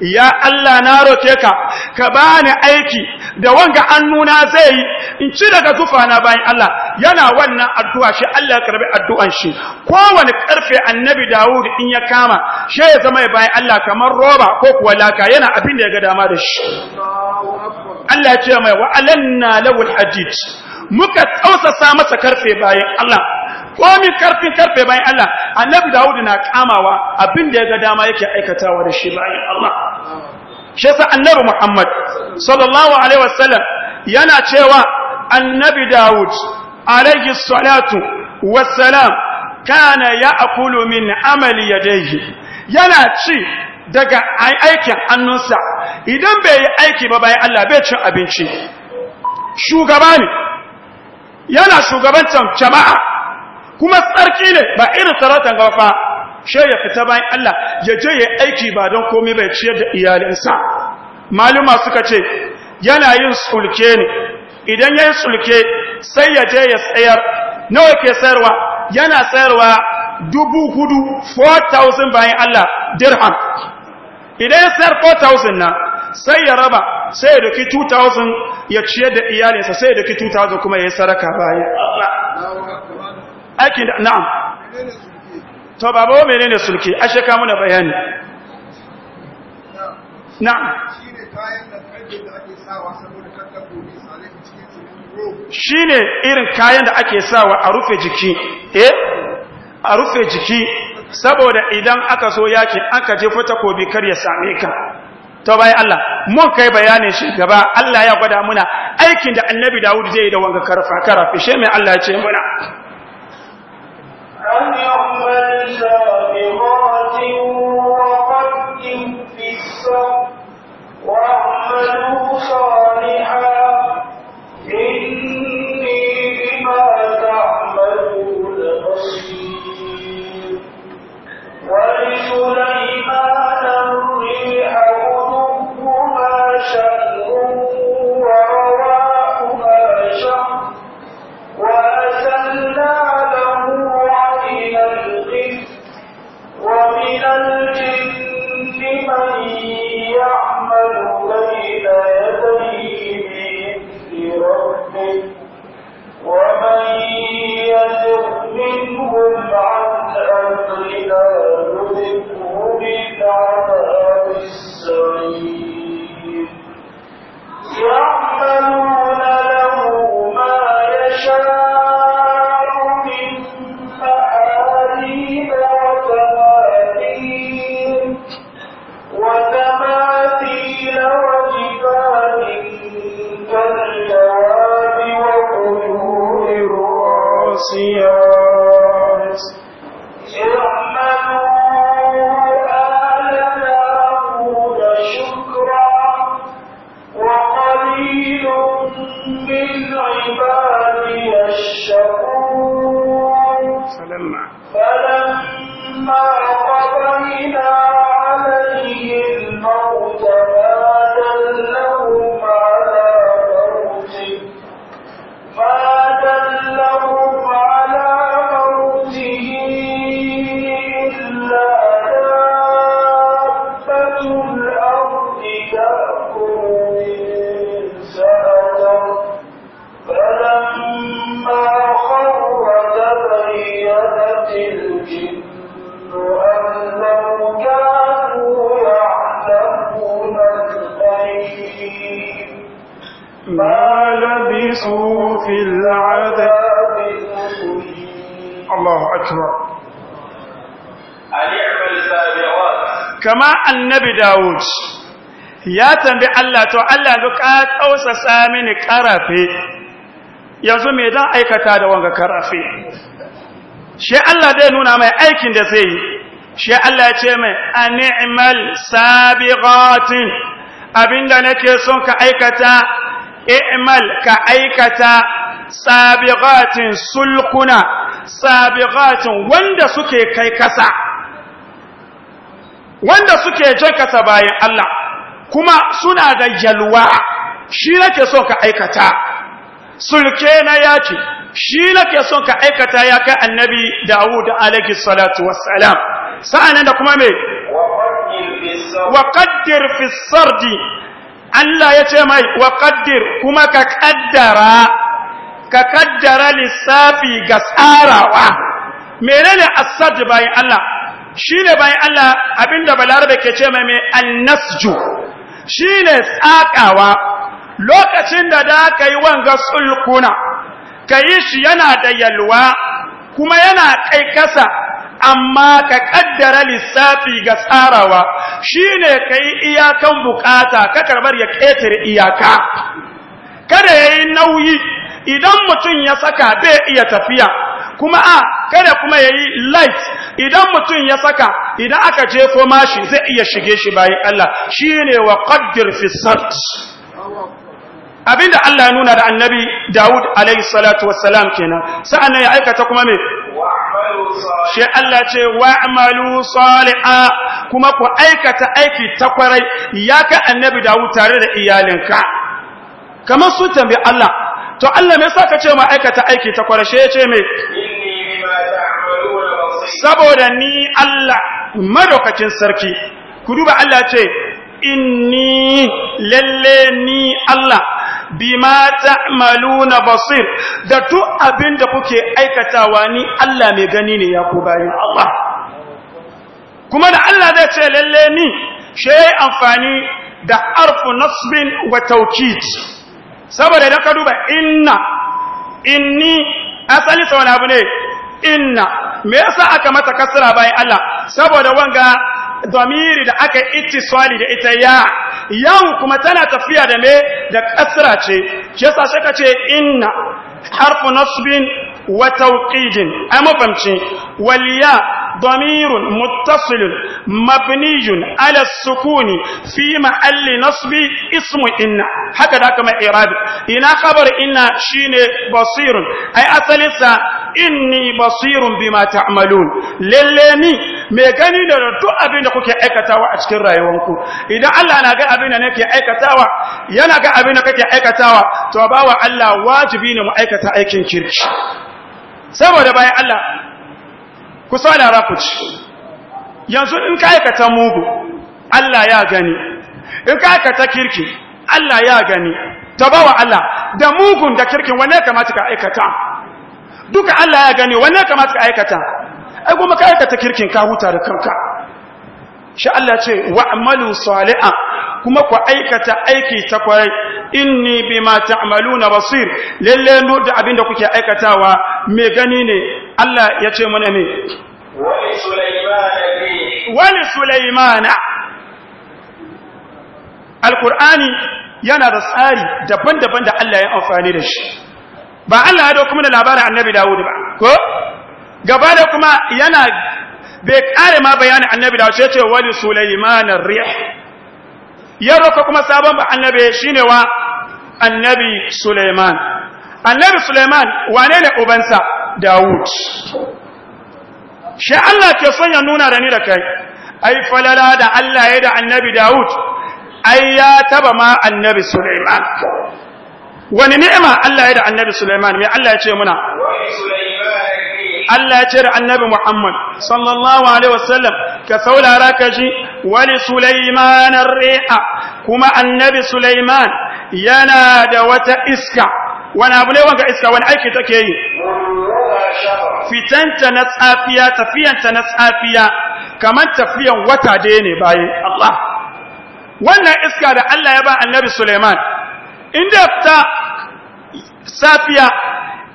ya Allah na roke ka ka bani aiki da wanga annuna zai yi in ci daga tufana bayan Allah yana wannan addu'a shi Allah ya karbi addu'an shi kowane karfe annabi Dawud in ya kama shi ya zama bayan Allah kamar roba ko kuwa laka yana abin da ya ga dama da shi Allah ya ce mai na lawul hadid muka tausasa masa karfe bayan Allah komi karfin karfe bayan Allah annabi Dawud na kamawa abinda ya ga dama yake aikatawa da shi bayan Allah shi annabi Muhammad sallallahu alaihi wasallam yana cewa annabi Dawud alayhi salatu wassalam kana ya'kulu min amali yadayhi yana ci daga aikin hannunsa idan bai yi aiki ba bayan Allah bai cin abinci shugaba ne yana shugabantar jama'a kuma tsarki ne ba irin sarautan gafa fa shi ya fita bayan Allah ya je ya aiki ba don komai bai ciyar da iyalinsa maluma suka ce yana yin sulke ne idan ya yi sulke sai ya je ya tsayar nawa ke sayarwa yana sayarwa dubu hudu 4,000 bayan Allah dirham idan ya sayar 4,000 na sai ya raba sai ya doki 2,000 ya ciyar da iyalinsa sai ya doki 2,000 kuma ya yi saraka bayan Allah ake da na'am to babo menene sulke ashe ka muna bayani na'am shi ne irin kayan da ake sawa a rufe jiki eh a rufe jiki saboda idan aka so yakin aka ko bi kar ya same ka to bai Allah mun kai bayanin shi gaba Allah ya gwada muna aikin da annabi Dawud zai yi da wanga karfa karfa shi mai Allah ya ce muna أن يعمل سابغات وقدم في السر واعملوا صالحا kama annabi Dawud ya tambi Allah to Allah ya ka tausasa mini karafe yanzu me zan aikata da wanga karafe shi Allah zai nuna mai aikin da zai yi shi Allah ya ce mai an'imal sabiqatin abinda nake son ka aikata i'mal ka aikata sabiqatin sulkuna sabiqatin wanda suke kai kasa wanda suke kasa bayan Allah kuma suna da yalwa shi nake son ka aikata sulke na yaki shi nake son ka aikata ya kai annabi Dawud alaihi salatu wassalam sa'an da kuma me qaddir fi sard Allah ya ce mai qaddir kuma ka kaddara ka kaddara lissafi ga tsarawa menene asad bayan Allah shine bayan Allah abinda balarabe ke ce mai mai annasju shine tsakawa lokacin da da ka yi wanga sulkuna ka yi shi yana da yalwa kuma yana kai kasa amma ka kaddara lissafi ga tsarawa shine ka yi iyakan bukata ka karbar ya ketar iyaka kada ya yi nauyi idan mutum ya saka bai iya tafiya kuma a kada kuma ya yi light idan mutum ya saka idan aka jefo mashi zai iya shige shi bayan Allah shine wa qaddir fi abinda Allah ya nuna da annabi Dawud alayhi salatu wassalam kenan nan ya aikata kuma me shi Allah ce amalu salihan kuma ku aikata aiki takwarai ya ka annabi Dawud tare da iyalinka kamar sun tambayi Allah to Allah me yasa ka ce ma aikata aiki takwarai shi ya ce me saboda ni Allah madaukacin sarki ku duba Allah ce inni lalle ni Allah bima ta'maluna basir da duk abin da kuke aikatawa ni Allah mai gani ne ya ku bayin Allah kuma da Allah zai ce lalle ni shi amfani da harfu nasbin wa tawkid saboda da ka duba inna inni asali sauna abu ne inna me yasa aka mata kasra bayan Allah saboda wanga zamiri da aka ittisali da ita ya yahu kuma tana tafiya da me da kasra ce yasa shaka ce inna harfu nasbin wa tawqidin ai mafamci wal ضمير متصل مبني على السكون في محل نصب اسم إن هكذا كما إعراب إن خبر إن شين بصير أي أصلسا إني بصير بما تعملون للني mai gani da duk abin da kuke aikatawa a cikin rayuwanku idan Allah na ga abin da nake aikatawa yana ga abin da kake aikatawa to bawa Allah wajibi ne mu aikata aikin kirki saboda bayan Allah ku da ku yanzu in ka aikata mugu Allah ya gani in ka aikata kirki Allah ya gani tabawa Allah da mugun da kirkin wanne kamata ka aikata duka Allah ya gani wanne kamata ka aikata ai kuma ka aikata kirkin ka huta da kanka shi Allah ce wa'malu salihan kuma ku aikata aiki ta kwarai inni bima ta'maluna basir lalle mu da abinda kuke aikatawa me gani ne Allah ya ce mana ne wani sulaimana Al-Qur'ani yana da tsari daban-daban da Allah ya amfani da shi ba Allah ya dauka da labarin annabi Dawud ba ko gaba da kuma yana bai kare ma bayanin annabi Dawud sai ce wani sulaimana rih ya roka kuma sabon ba annabi shine wa annabi Sulaiman annabi suleiman wane ne ubansa dawud shi allah ke son ya nuna da ni da kai ai falala da allah ya da annabi dawud ai ya taba ma annabi suleiman wani ni'ima allah ya da annabi suleiman mai allah ya ce muna Allah ya ce da annabi Muhammad sallallahu alaihi wasallam ka saurara ka ji wani Sulaiman re'a. kuma annabi Sulaiman yana da wata iska wani abu ne wanga iska wani aiki take yi fitanta na tsafiya tafiyanta na tsafiya kamar tafiyan wata daya ne baye Allah wannan iska da Allah ya ba annabi Suleiman inda ta safiya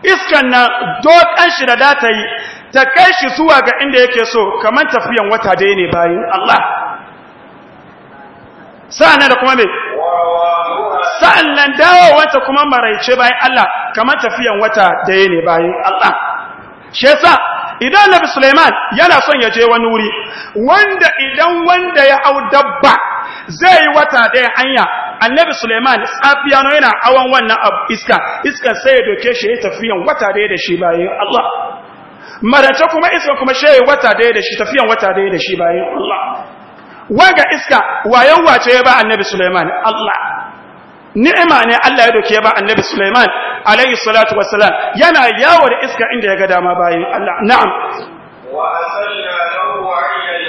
iskan nan dokan shi da data yi ta kai shi zuwa ga inda yake so kamar tafiyan wata daya ne baye Allah sa'ana da kuma me sa'an nan dawowarta kuma maraice bayan Allah kamar tafiyan wata daya ne bayan Allah She sa idan Nabi Sulaiman yana son ya je wani wuri wanda idan wanda ya au dabba zai yi wata daya hanya annabi Suleiman tsafiyano yana awon wannan iska iska sai ya doke shi ya tafiyan wata daya da shi bayan Allah marace kuma iska kuma shi wata yi da shi tafiyan wata daya da shi bayan Allah waga iska wayan wace ya ba annabi Suleiman Allah ni'ima ne Allah ya doke ba annabi Sulaiman alayhi salatu wassalam yana yawo da iska inda ya ga dama bayin Allah na'am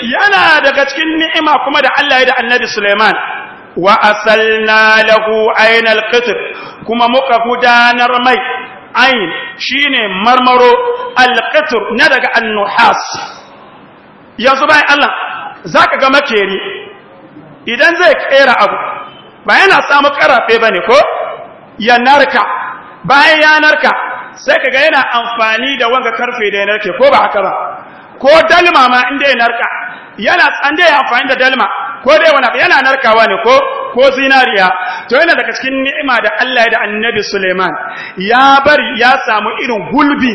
yana daga cikin ni'ima kuma da Allah ya da annabi Sulaiman wa asalna lahu aynal qitr kuma muka gudanar mai ayn shine marmaro alqitr na daga nuhas yanzu bayan Allah zaka ga makeri idan zai kera abu ba yana samu karafe ne ko ya narka bayan ya narka sai kaga yana amfani da wanga karfe da ya narke ko ba haka ba ko dalma ma inda ya narka yana tsande da ya amfani da dalma ko dai wani yana narkawa ne ko zinariya to yana daga cikin ni'ima da Allah ya da Annabi Suleiman ya bari ya samu irin gulbi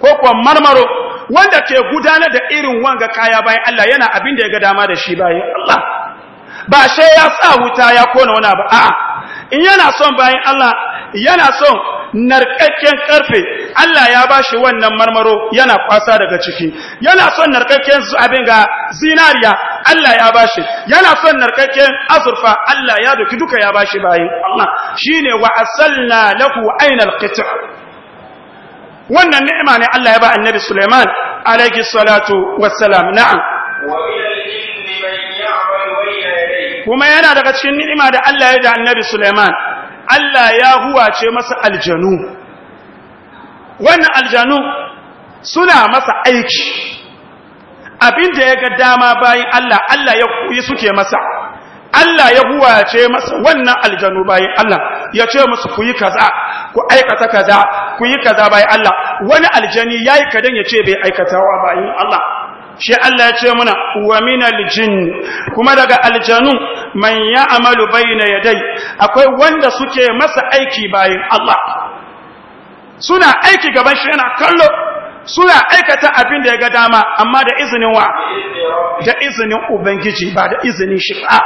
ko kuwa marmaro wanda ke gudanar da irin wanga kaya bayan Allah yana abin da ya ga dama da shi bayan Allah ba she ya sa wuta ya kona wani abu a'a in yana son bayan Allah yana son narkakken karfe Allah ya ba shi wannan marmaro yana kwasa daga ciki yana son narkakken abin ga zinariya Allah ya ba shi. yana son narkakken azurfa Allah ya doki duka ya ba shi bayan Allah Shi ne wa asalna lahu ainal qit' wannan ni'ima ne Allah ya ba annabi Sulaiman alayhi salatu wassalam na'am wa kuma yana daga cikin ni'ima da Allah ya da annabi Suleiman Allah ya huwace masa aljanu wannan aljanu suna masa aiki abinda ya ga dama bayan Allah Allah ya kuyi suke masa Allah ya huwace masa wannan aljanu bayan Allah ya ce musu ku yi kaza ku aikata kaza ku yi kaza bayan Allah wani aljani yayi kadan ya ce bai aikatawa bayan Allah shi Allah ya ce muna wa minal jin kuma daga aljanu man ya'malu bayna yadai akwai wanda suke masa aiki bayin Allah suna aiki gaban shi yana kallo suna aikata abin da ya ga dama amma da izinin wa da izinin ubangiji ba da izinin shi ba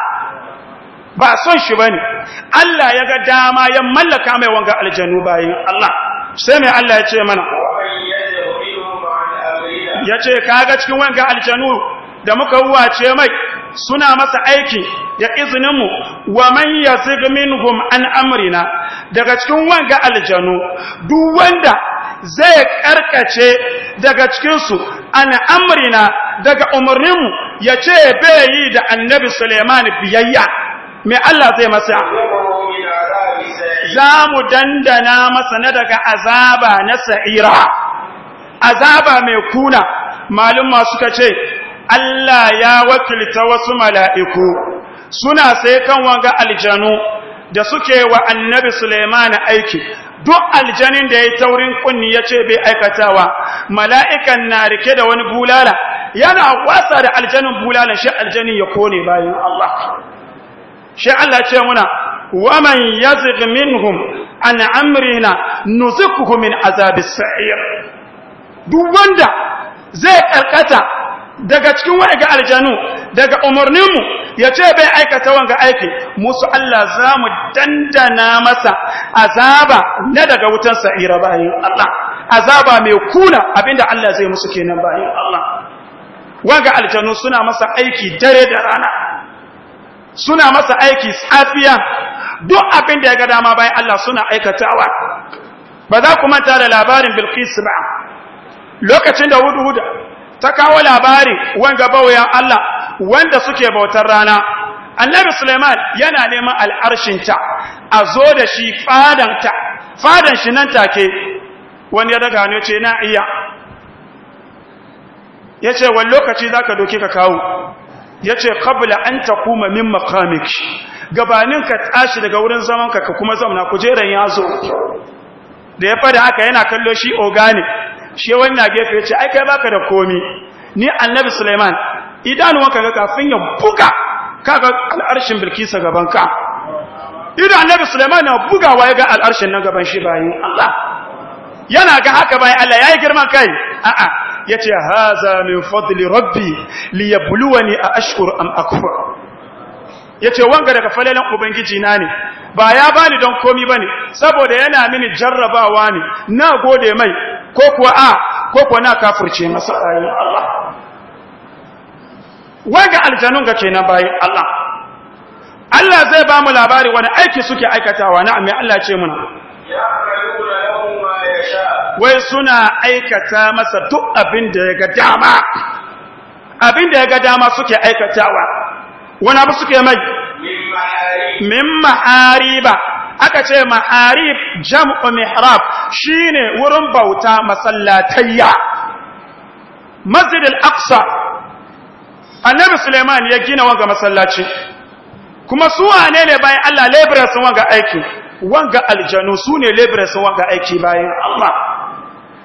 ba son shi bane Allah ya ga dama ya mallaka mai wanga aljanu bayin Allah sai mai Allah ya ce mana ya ce kaga cikin wanga aljanu da muka wace mai suna masa aiki ya izininmu wa man yasig minhum an amrina daga cikin wanga aljanu duk wanda zai karkace daga cikinsu an amrina daga umarninmu ya ce bai yi da annabi suleiman biyayya mai allah zai masa za mu dandana masa na daga azaba na sa'ira azaba mai kuna malumma suka ce Allah ya wakilta wasu mala'iku suna sai kan wanga aljanu da suke wa annabi Suleiman aiki duk aljanin da ya taurin kunni ya ce bai aikatawa mala'ikan na rike da wani bulala yana wasa da aljanin bulala shi aljanin ya kone bayan Allah shi Allah ce muna waman yazig minhum an amrina nuzukuhu min azabis sa'ir duk wanda zai karkata daga cikin wani ga aljanu daga umarninmu ya ce bai aikata wanga aiki musu Allah za mu dandana masa azaba na daga wutan sa'ira bayan Allah azaba mai kuna abinda Allah zai musu kenan bayan Allah wanga aljanu suna masa aiki dare da rana suna masa aiki safiya duk abinda ya ga dama bayan Allah suna aikatawa ba za ku manta da labarin Bilkis ba lokacin da hudu-hudu ta kawo labari wanga bauya Allah wanda suke bautar rana annabi Suleiman yana neman al'arshinta a zo da shi fadanta fadan shi nan take wani ya daga ne ce na iya ya ce wani lokaci za ka doke ka kawo ya ce kabula an ta kuma min makamik gabanin ka tashi daga wurin zamanka ka kuma zamana kujeran ya zo da ya fada haka yana kallo shi organic shi wannan gefe ya ce ai kai baka da komi ni annabi suleiman idanuwanka ga kafin ya buga kaga al'arshin bilkisa gaban ka idan annabi suleiman na bugawa ya ga al'arshin nan gaban shi bayan allah yana ga haka bayan allah ya yi girman kai a'a ya ce haza min fadli rabbi liyabluwani a ashkur am akfur ya ce wanga daga falalen ubangiji na ne ba ya bani don komi ba ne saboda yana mini jarrabawa ne na gode mai ko kuwa a ko kuwa na kafirce masa ayoyin Allah waga aljanun ga kenan bayin Allah Allah zai ba mu labari wani aiki suke aikatawa na amma Allah ce muna wai suna aikata masa duk abin da ya ga dama abin da ya ga dama suke aikatawa wani abu suke mai min ba. aka ce maharib jam'u mihrab shine wurin bauta masallatayya masjidil Afsa, aqsa annabi suleiman ya gina wanga masallaci kuma su wane ne bayan Allah labirin sun wanga aiki wanga aljanu su ne labirin sun wanga aiki bayan Allah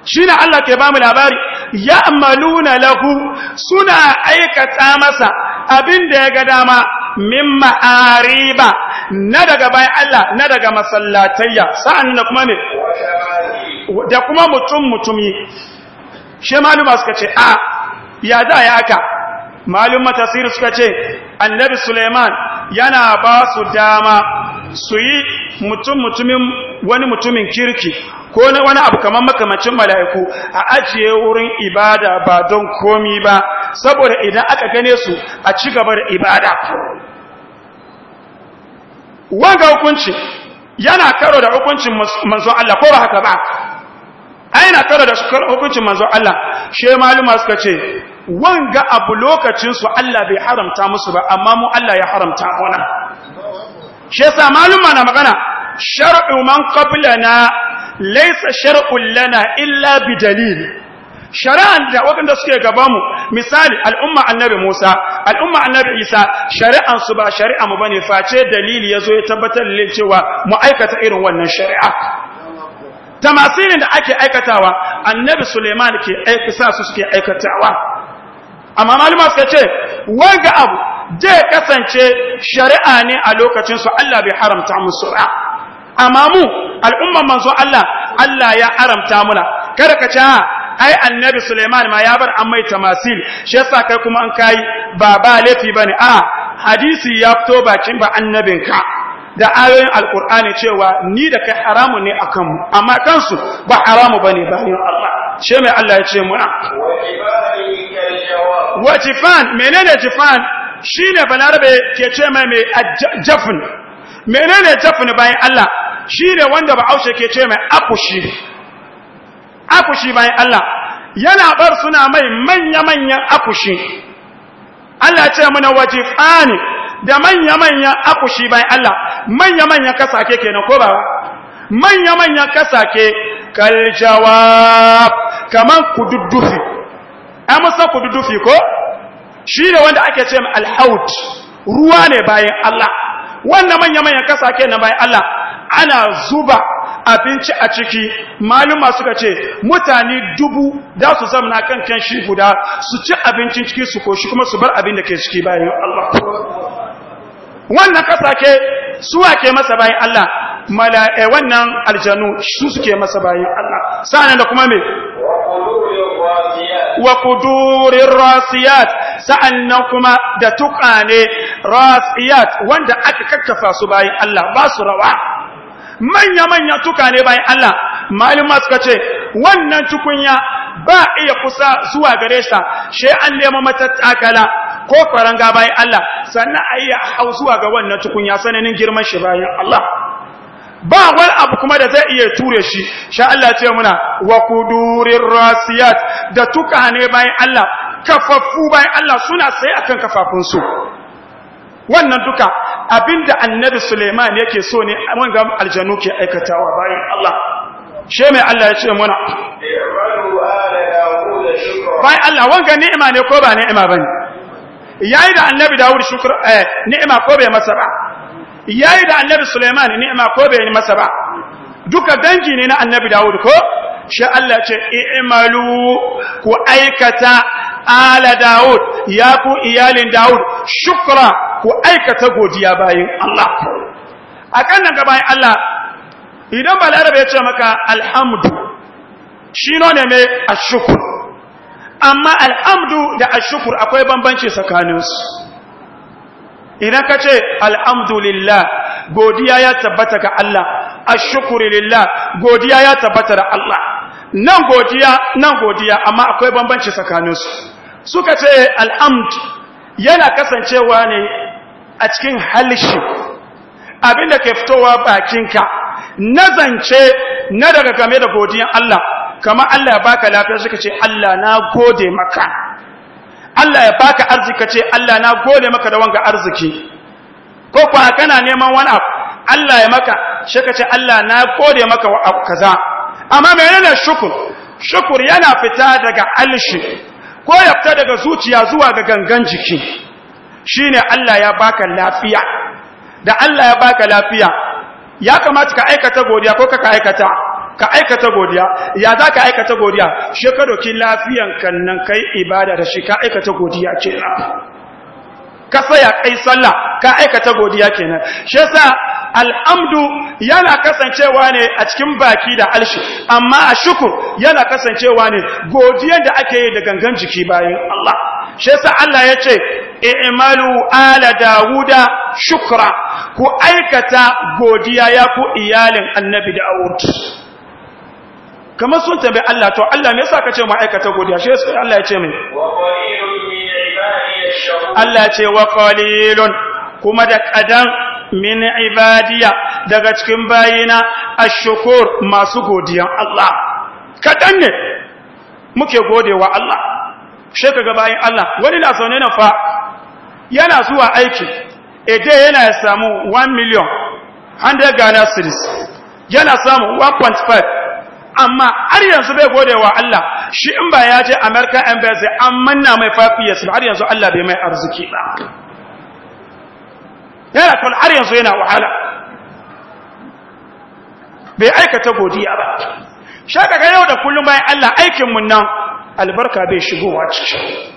shi ne Allah ke ba mu labari ya amaluna lahu suna aikata masa abin da ya ga dama min ma'ariba na daga bayan Allah na daga masallatayya sa'an na kuma ne da kuma mutum mutumi shi maluma suka ce a ya da ya aka malum tasiri suka ce annabi Suleiman yana ba su dama su yi mutum-mutumin wani mutumin kirki ko na wani abu kamar makamacin mala'iku a ajiye wurin ibada ba don komi ba saboda idan aka gane su a ci gaba da ibada wanga hukunci yana karo da hukuncin manzon Allah ko ba haka ba aina karo da hukuncin manzon Allah she maluma suka ce wanga abu lokacinsu Allah bai haramta musu ba amma mu Allah ya haramta wana shi yasa na magana shar'u man qablana laysa shar'u lana illa bi dalil shari'an da waɗanda suke mu, misali al'umma annabi Musa al'umma annabi Isa shari'an su ba shari'a mu bane face dalili yazo ya tabbatar da cewa mu aikata irin wannan shari'a tamasirin da ake aikatawa annabi Suleiman ke aikata su suke aikatawa amma maluma suka ce wanga abu zai kasance shari'a ne a lokacin su Allah bai haramta musu sura amma mu al'umman manzo Allah Allah ya haramta muna kada ka ce ah, ai annabi Suleiman ma ya bar Amai tamasil shi yasa kai kuma an kai ba ba laifi bane a hadisi ya fito bakin ba annabinka da ayoyin alkur'ani cewa ni da kai haramu ne a kanmu amma kansu ba haramu ba ne bayan Allah shi mai Allah ya ce muna wa jifan menene jifan shi ne balarabe ke ce mai mai jafin menene jafin bayan Allah shi ne wanda ba aushe ke ce mai akushi akushi bayan Allah yana bar suna mai manya-manyan akushi Allah ce muna wajifani da manya-manya akushi bayan Allah manya-manya kasake kenan ko ba manya-manya kasake kaljawab kaman kududdufi an musa kududdufi ko shi ne wanda ake ce alhaut ruwa ne bayan Allah wannan manya-manya kasake na bayan Allah ana zuba abinci a ciki maluma suka ce mutane dubu da su zamana kan kan shi guda su ci abincin ciki su koshi kuma su bar abin da ke ciki bayan Allah wannan ke suwa ke masa bayan Allah mala'e wannan aljanu su suke masa bayan Allah sa'an da kuma me wa kudurir rasiyat sa'an nan kuma da tukane rasiyat wanda aka kakkafa su bayan Allah ba su rawa manya-manya tukane bayan Allah malumma suka ce wannan tukunya ba iya kusa zuwa gare sa shi an nema matattakala ko faranga bayan Allah sannan a yi hau zuwa ga wannan tukunya sananin girman shi bayan Allah ba wani abu kuma da zai iya ture shi sha Allah ce muna wa kudurir rasiyat da tukane bayan Allah kafaffu bayan Allah suna sai akan su wannan duka abinda annabi Suleiman yake so ne ga aljanu ke aikatawa bayan Allah she mai Allah ya ce muna bayan Allah wanga ni'ima ne ko ba ni'ima bane yayi da annabi Dawud shukr eh ni'ima ko bai masa ba yayi da annabi Sulaiman ni'ima ko bai masa ba duka danji ne na annabi Dawud ko shi Allah ce i'malu ku aikata ala Dawud ya ku iyalin Dawud shukra ku aikata godiya bayin Allah akan nan ga bayin Allah idan balarabe ya ce maka alhamdu shi ne mai ashukru amma al'amdu da ashukur akwai bambanci tsakaninsu idan ka ce alhamdulillah godiya ya tabbata ga Allah ashukurillah godiya ya tabbata da Allah nan godiya nan godiya amma akwai bambanci tsakaninsu suka ce alhamd yana kasancewa ne a cikin halishi abinda ke fitowa bakinka nazance na daga game da godiyan Allah kamar Allah ya baka lafiya suka ce Allah na gode maka Allah ya baka arziki ka ce Allah na gode maka da wanga arziki ko kuwa kana neman wani abu Allah ya maka shi ka ce Allah na gode maka wa abu kaza amma menene shukur shukur yana fita daga alshi ko ya fita daga zuciya zuwa ga gangan jiki shine Allah ya baka lafiya da Allah ya baka lafiya ya kamata ka aikata godiya ko ka aikata ka aikata godiya ya za ka aikata godiya Shekaroki lafiyan kannan kai ibada da shi ka aikata godiya na? ka tsaya kai sallah ka aikata godiya kenan shi yasa al'amdu yana kasancewa ne a cikin baki da alshi amma shukur yana kasancewa ne godiyar da ake yi da gangan jiki bayan Allah shi yasa Allah ya ce i'malu ala dawuda shukra ku aikata godiya ya ku iyalin annabi da da'ud kamar sun tabi Allah to Allah me yasa ka ce ma'aikata godiya shi sai Allah ya ce mai Allah ce wa qalilun kuma da kadan min ibadiya daga cikin bayina ashkur masu godiyan Allah kadan ne muke godewa Allah she kaga bayin Allah wani na saune na fa yana zuwa aiki eje yana samu 1 million 100 Ghana cedis yana samu 1.5 amma har yanzu bai gode wa Allah shi in ba ya je American embassy an manna mai fafiyas har yanzu Allah bai mai arziki ba yana kan har yanzu yana wahala bai aikata godiya ba shaka ga yau da kullum bai Allah aikin mun nan albarka bai shigowa cikin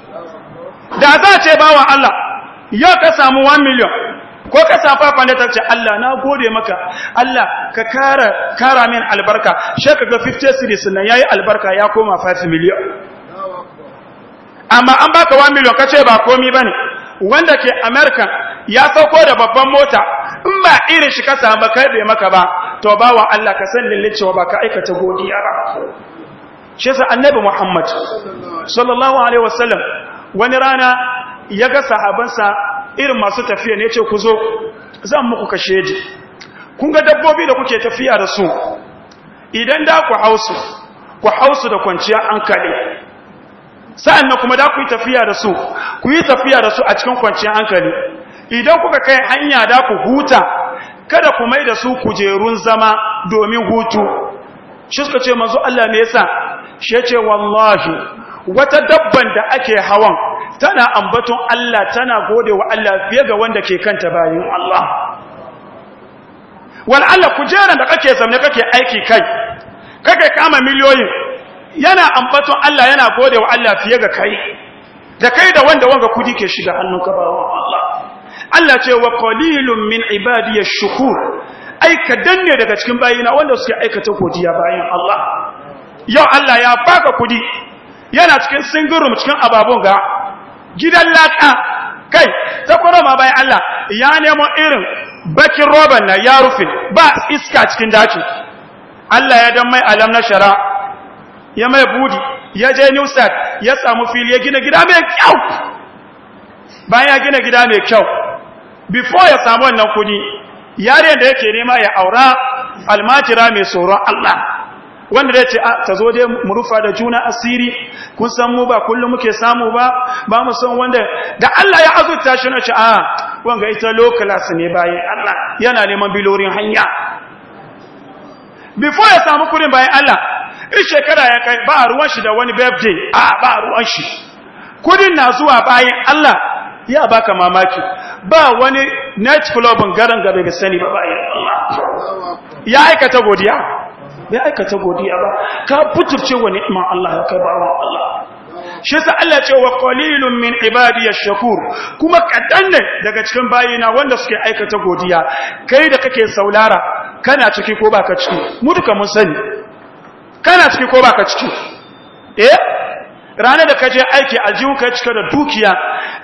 da za ce bawa Allah yau ka samu 1 million ko ka safa ta ce Allah na gode maka Allah ka kara kara min albarka she ka ga 50 series nan yayi albarka ya koma 5 million amma an baka 1 million kace ba komi bane wanda ke America ya sauko da babban mota in ba irin shi ka samu kai bai maka ba to bawa Allah ka san lalle ba ka aikata godiya ba shi annabi Muhammad sallallahu alaihi wasallam wani rana ya ga sahabansa irin masu tafiya ne ce ku zo zan muku kashe ji kun ga dabbobi da kuke tafiya da su idan da ku hausu ku hausu da kwanciya an kale kuma da ku yi tafiya da su ku yi tafiya da su a cikin kwanciyar hankali idan kuka kai hanya da ku huta kada ku mai da su kujerun zama domin hutu shi suka ce manzo Allah me yasa shi ya ce wallahi wata dabban da ake hawan tana ambaton Allah tana gode wa Allah fiye ga wanda ke kanta bayin Allah wal Allah kujeran da kake zamne kake aiki kai kake kama miliyoyin yana ambaton Allah yana gode wa Allah fiye ga kai da kai da wanda wanga kudi ke shiga hannunka bawan Allah Allah ce wa qalilun min ibadiy ash-shukur aika danne daga cikin bayina wanda suke aikata godiya bayin Allah yau Allah ya baka kudi yana cikin singirum cikin ababun ga gidan laka kai takwaro ma bayan Allah ya nemo irin bakin roban na ya rufe ba iska cikin daci Allah ya don mai alam na shara ya mai budi ya je newsat ya samu fili ya gina gida mai kyau bayan ya gina gida mai kyau before ya samu wannan kudi yare da yake nema ya aura almajira mai tsoron Allah wanda zai ce ta zo dai mu rufa da juna asiri kun san mu ba kullum muke samu ba ba mu san wanda da Allah ya azurta shi na ce a wanga ita class ne bayan Allah yana neman bilorin hanya before ya samu kudin bayan Allah in shekara ya kai ba ruwan shi da wani birthday a ba ruwan shi kudin na zuwa bayan Allah ya baka mamaki ba wani net club garan gabe ga sani ba bayan Allah ya aikata godiya bai aikata godiya ba ka fitirce wa ni'ima Allah ya kai wa Allah shi sa Allah ce wa qalilun min ibadiy shakur kuma kadan ne daga cikin bayina wanda suke aikata godiya kai da kake saulara kana ciki ko baka ciki mu duka mun sani kana ciki ko baka ciki eh ranar da kaje aiki aljihu kai cika da dukiya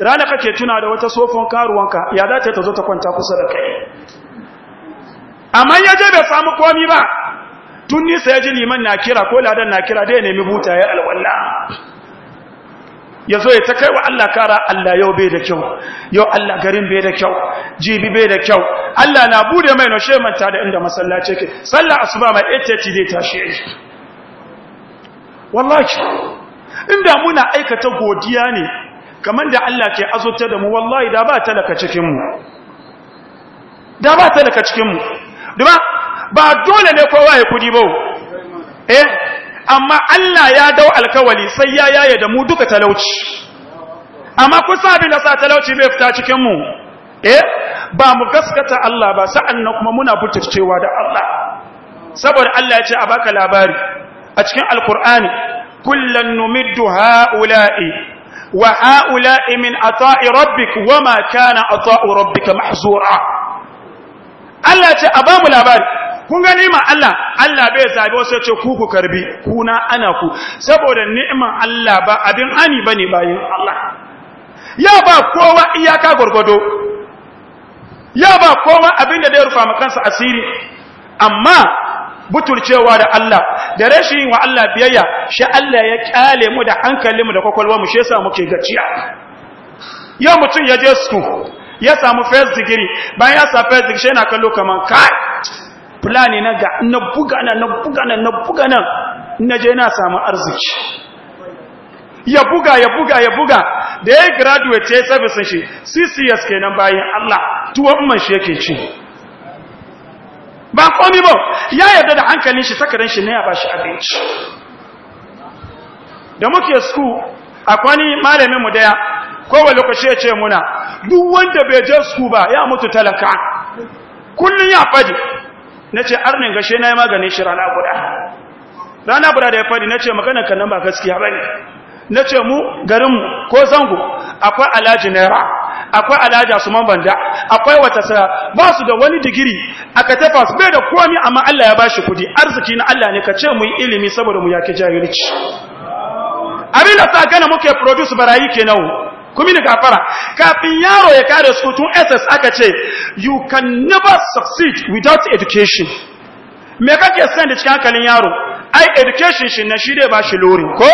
rana kake tuna da wata sofon karuwanka ya dace ta zo ta kwanta kusa da kai amma ya je bai samu komi ba tun nisa ya ji liman na kira ko ladan na kira da ya nemi buta ya alwalla ya zo ya ta kai wa Allah kara Allah yau bai da kyau yau Allah garin bai da kyau jibi bai da kyau Allah na bude mai noshe manta da inda masallaci ke sallar asuba mai ita zai tashi wallahi inda muna aikata godiya ne kamar da Allah ke azurta da mu wallahi da ba talaka cikin mu da ba talaka cikin mu duba ba dole ne kowa ya kudi ba eh amma Allah ya dau alkawali sai ya yaye da mu duka talauci amma kusa binasa da sa talauci bai fita cikin mu eh ba mu gaskata Allah ba sa'annan kuma muna butulcewa da Allah saboda Allah ya ce a baka labari a cikin alkur'ani kullan numiddu ha'ula'i wa ha'ula'i min ata'i rabbik wa ma kana ata'u rabbika mahzura Allah ya ce a ba mu labari kun gani ma Allah Allah bai zabi wasu ce ku ku karbi kuna ana ku saboda ni'iman Allah ba abin ani bane bayin Allah ya ba kowa iyaka gurgudo ya ba kowa abin da zai rufa makansa asiri amma butulcewa da Allah da rashin wa Allah biyayya shi Allah ya kyale mu da hankalin mu da kwakwalwa mu shi yasa muke gaciya yau mutum ya je school ya samu first degree bayan ya samu first degree shi yana kallo kaman kai fulani na ga na buga nan, na buga nan, na buga nan na je na samu arziki ya buga ya buga ya buga da ya graduate ya service shi CCS ke nan bayan Allah tuwon man shi yake ci ba komi ba ya yarda da hankalin shi takarar shi na ya bashi abinci da muke a akwani malamin mu daya kowai lokaci ya ce muna duk wanda bai je sku ba ya mutu talaka kullum ya fadi na ce arnin gashe na yi maganin shi rana guda rana guda da ya faɗi na ce maganar kanan ba gaskiya ba ne na ce mu garinmu ko zango akwai alhaji naira akwai su man banda akwai wata sara ba su da wani digiri aka tafa su bai da komi amma Allah ya ba shi kudi arziki na Allah ne ka ce mu yi ilimi saboda mu yake jahilci abin da sa gana muke produce barayi kenan ku mini gafara kafin yaro ya kare su tun ss aka ce you can never succeed without education me kake san da cikin hankalin yaro ai education shi na shi dai ba shi lori ko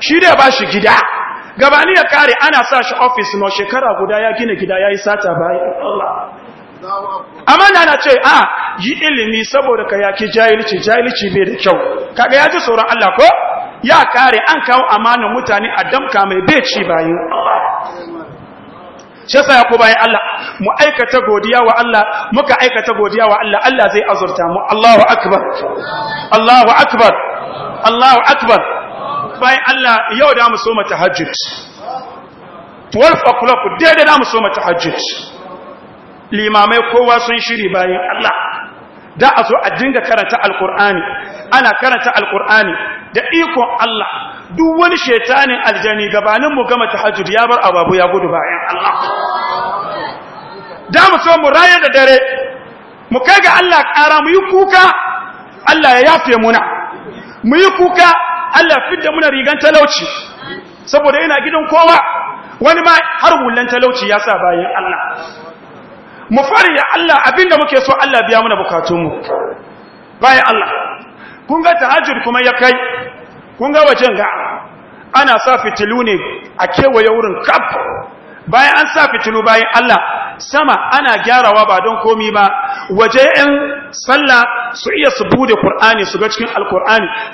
shi dai ba shi gida gabani ya kare ana sa shi office no shekara guda ya gina gida yayi sata bayan Allah amma da na ce a ah, yi ilimi saboda ka yaki jahilci jahilci bai da kyau kaga ya ji tsoron Allah ko ya kare an kawo amanin mutane a damka mai beci bayan shi yasa ya ku bayan Allah mu aikata godiya wa Allah muka aikata godiya wa Allah Allah zai azurta mu Allahu akbar Allahu akbar Allahu akbar bayan Allah yau da mu so mu tahajjud 12 o'clock daidai da mu so mu tahajjud limamai kowa sun shiri bayan Allah da a zo a dinga karanta alqur'ani ana karanta alqur'ani da ikon Allah duk wani shetanin aljani gabanin mu gama tahajjud ya bar ababu ya gudu bayan Allah da mu so mu raye da dare mu kai ga Allah ƙara mu yi kuka Allah ya yafe muna mu yi kuka Allah ya fidda muna rigan talauci saboda ina gidan kowa wani ma har hulan talauci ya sa bayan Allah mu fari ya Allah abinda muke so Allah biya muna bukatunmu bayan Allah kun ga tahajjud kuma ya kai kun ga wajen ga ana sa fitilu ne a kewaye wurin kaf bayan an sa fitilu bayan Allah sama ana gyarawa ba don komi ba waje ɗin sallah su iya su bude ƙur'ani su ga cikin al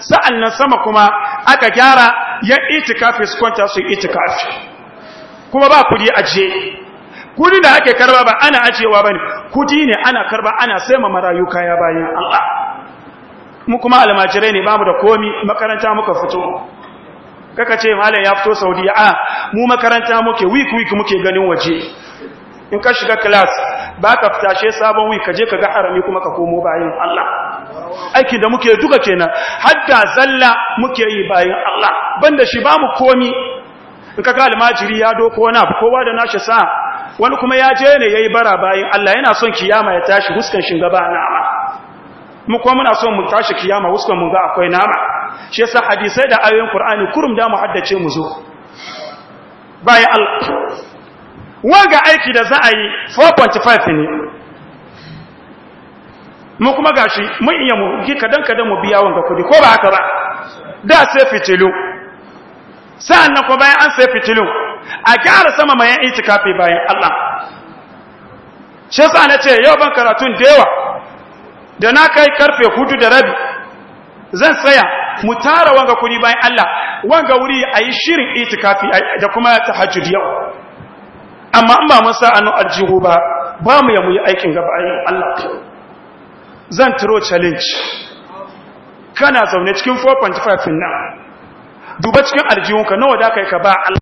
Sa'an nan sama kuma aka gyara ya itikafi su kwanta su itikafi kuma ba kudi ajiye. kudi da ake karba ba ana ajiyewa ba ne, kudi ne ana karba ana sai ma marayu kaya bayan Allah mu kuma almajirai ne bamu da komi makaranta muka fito kaka ce malam ya fito saudiya a ah, mu makaranta muke week week muke ganin waje in ka shiga class ba ka fitashe sabon week ka je ka ga harami kuma ka komo bayan Allah aikin da muke duka kenan hadda zalla muke yi bayan Allah banda shi bamu komi in ka ga almajiri ya doko wani abu kowa da nashi sa wani kuma ya je ne yayi bara bayan Allah yana son kiyama ya tashi huskan gaba na mu kuma muna son mu tashi kiyama wasu mun ga akwai nama shi yasa hadisai da ayoyin qur'ani kurum da mu haddace mu zo bayan Allah waga aiki da za a yi 4.5 ne mu kuma gashi mun iya mu gi kadan kadan mu biya wanga kudi ko ba haka ba da sai fitilu sannan ko bayan an sai fitilu a gyara sama mai itikafi bayan Allah shi yasa ce yau ban karatun da yawa da na kai karfe hudu da rabi zan tsaya mu tara wanga kuri bayan Allah wanga wuri a yi shirin itikafi da kuma ta hajji yau amma an ba mun sa aljihu ba ba mu yamu yi aikin gaba ayin Allah zan turo challenge kana zaune cikin 4.5 nan duba cikin aljihunka nawa da kai ka ba Allah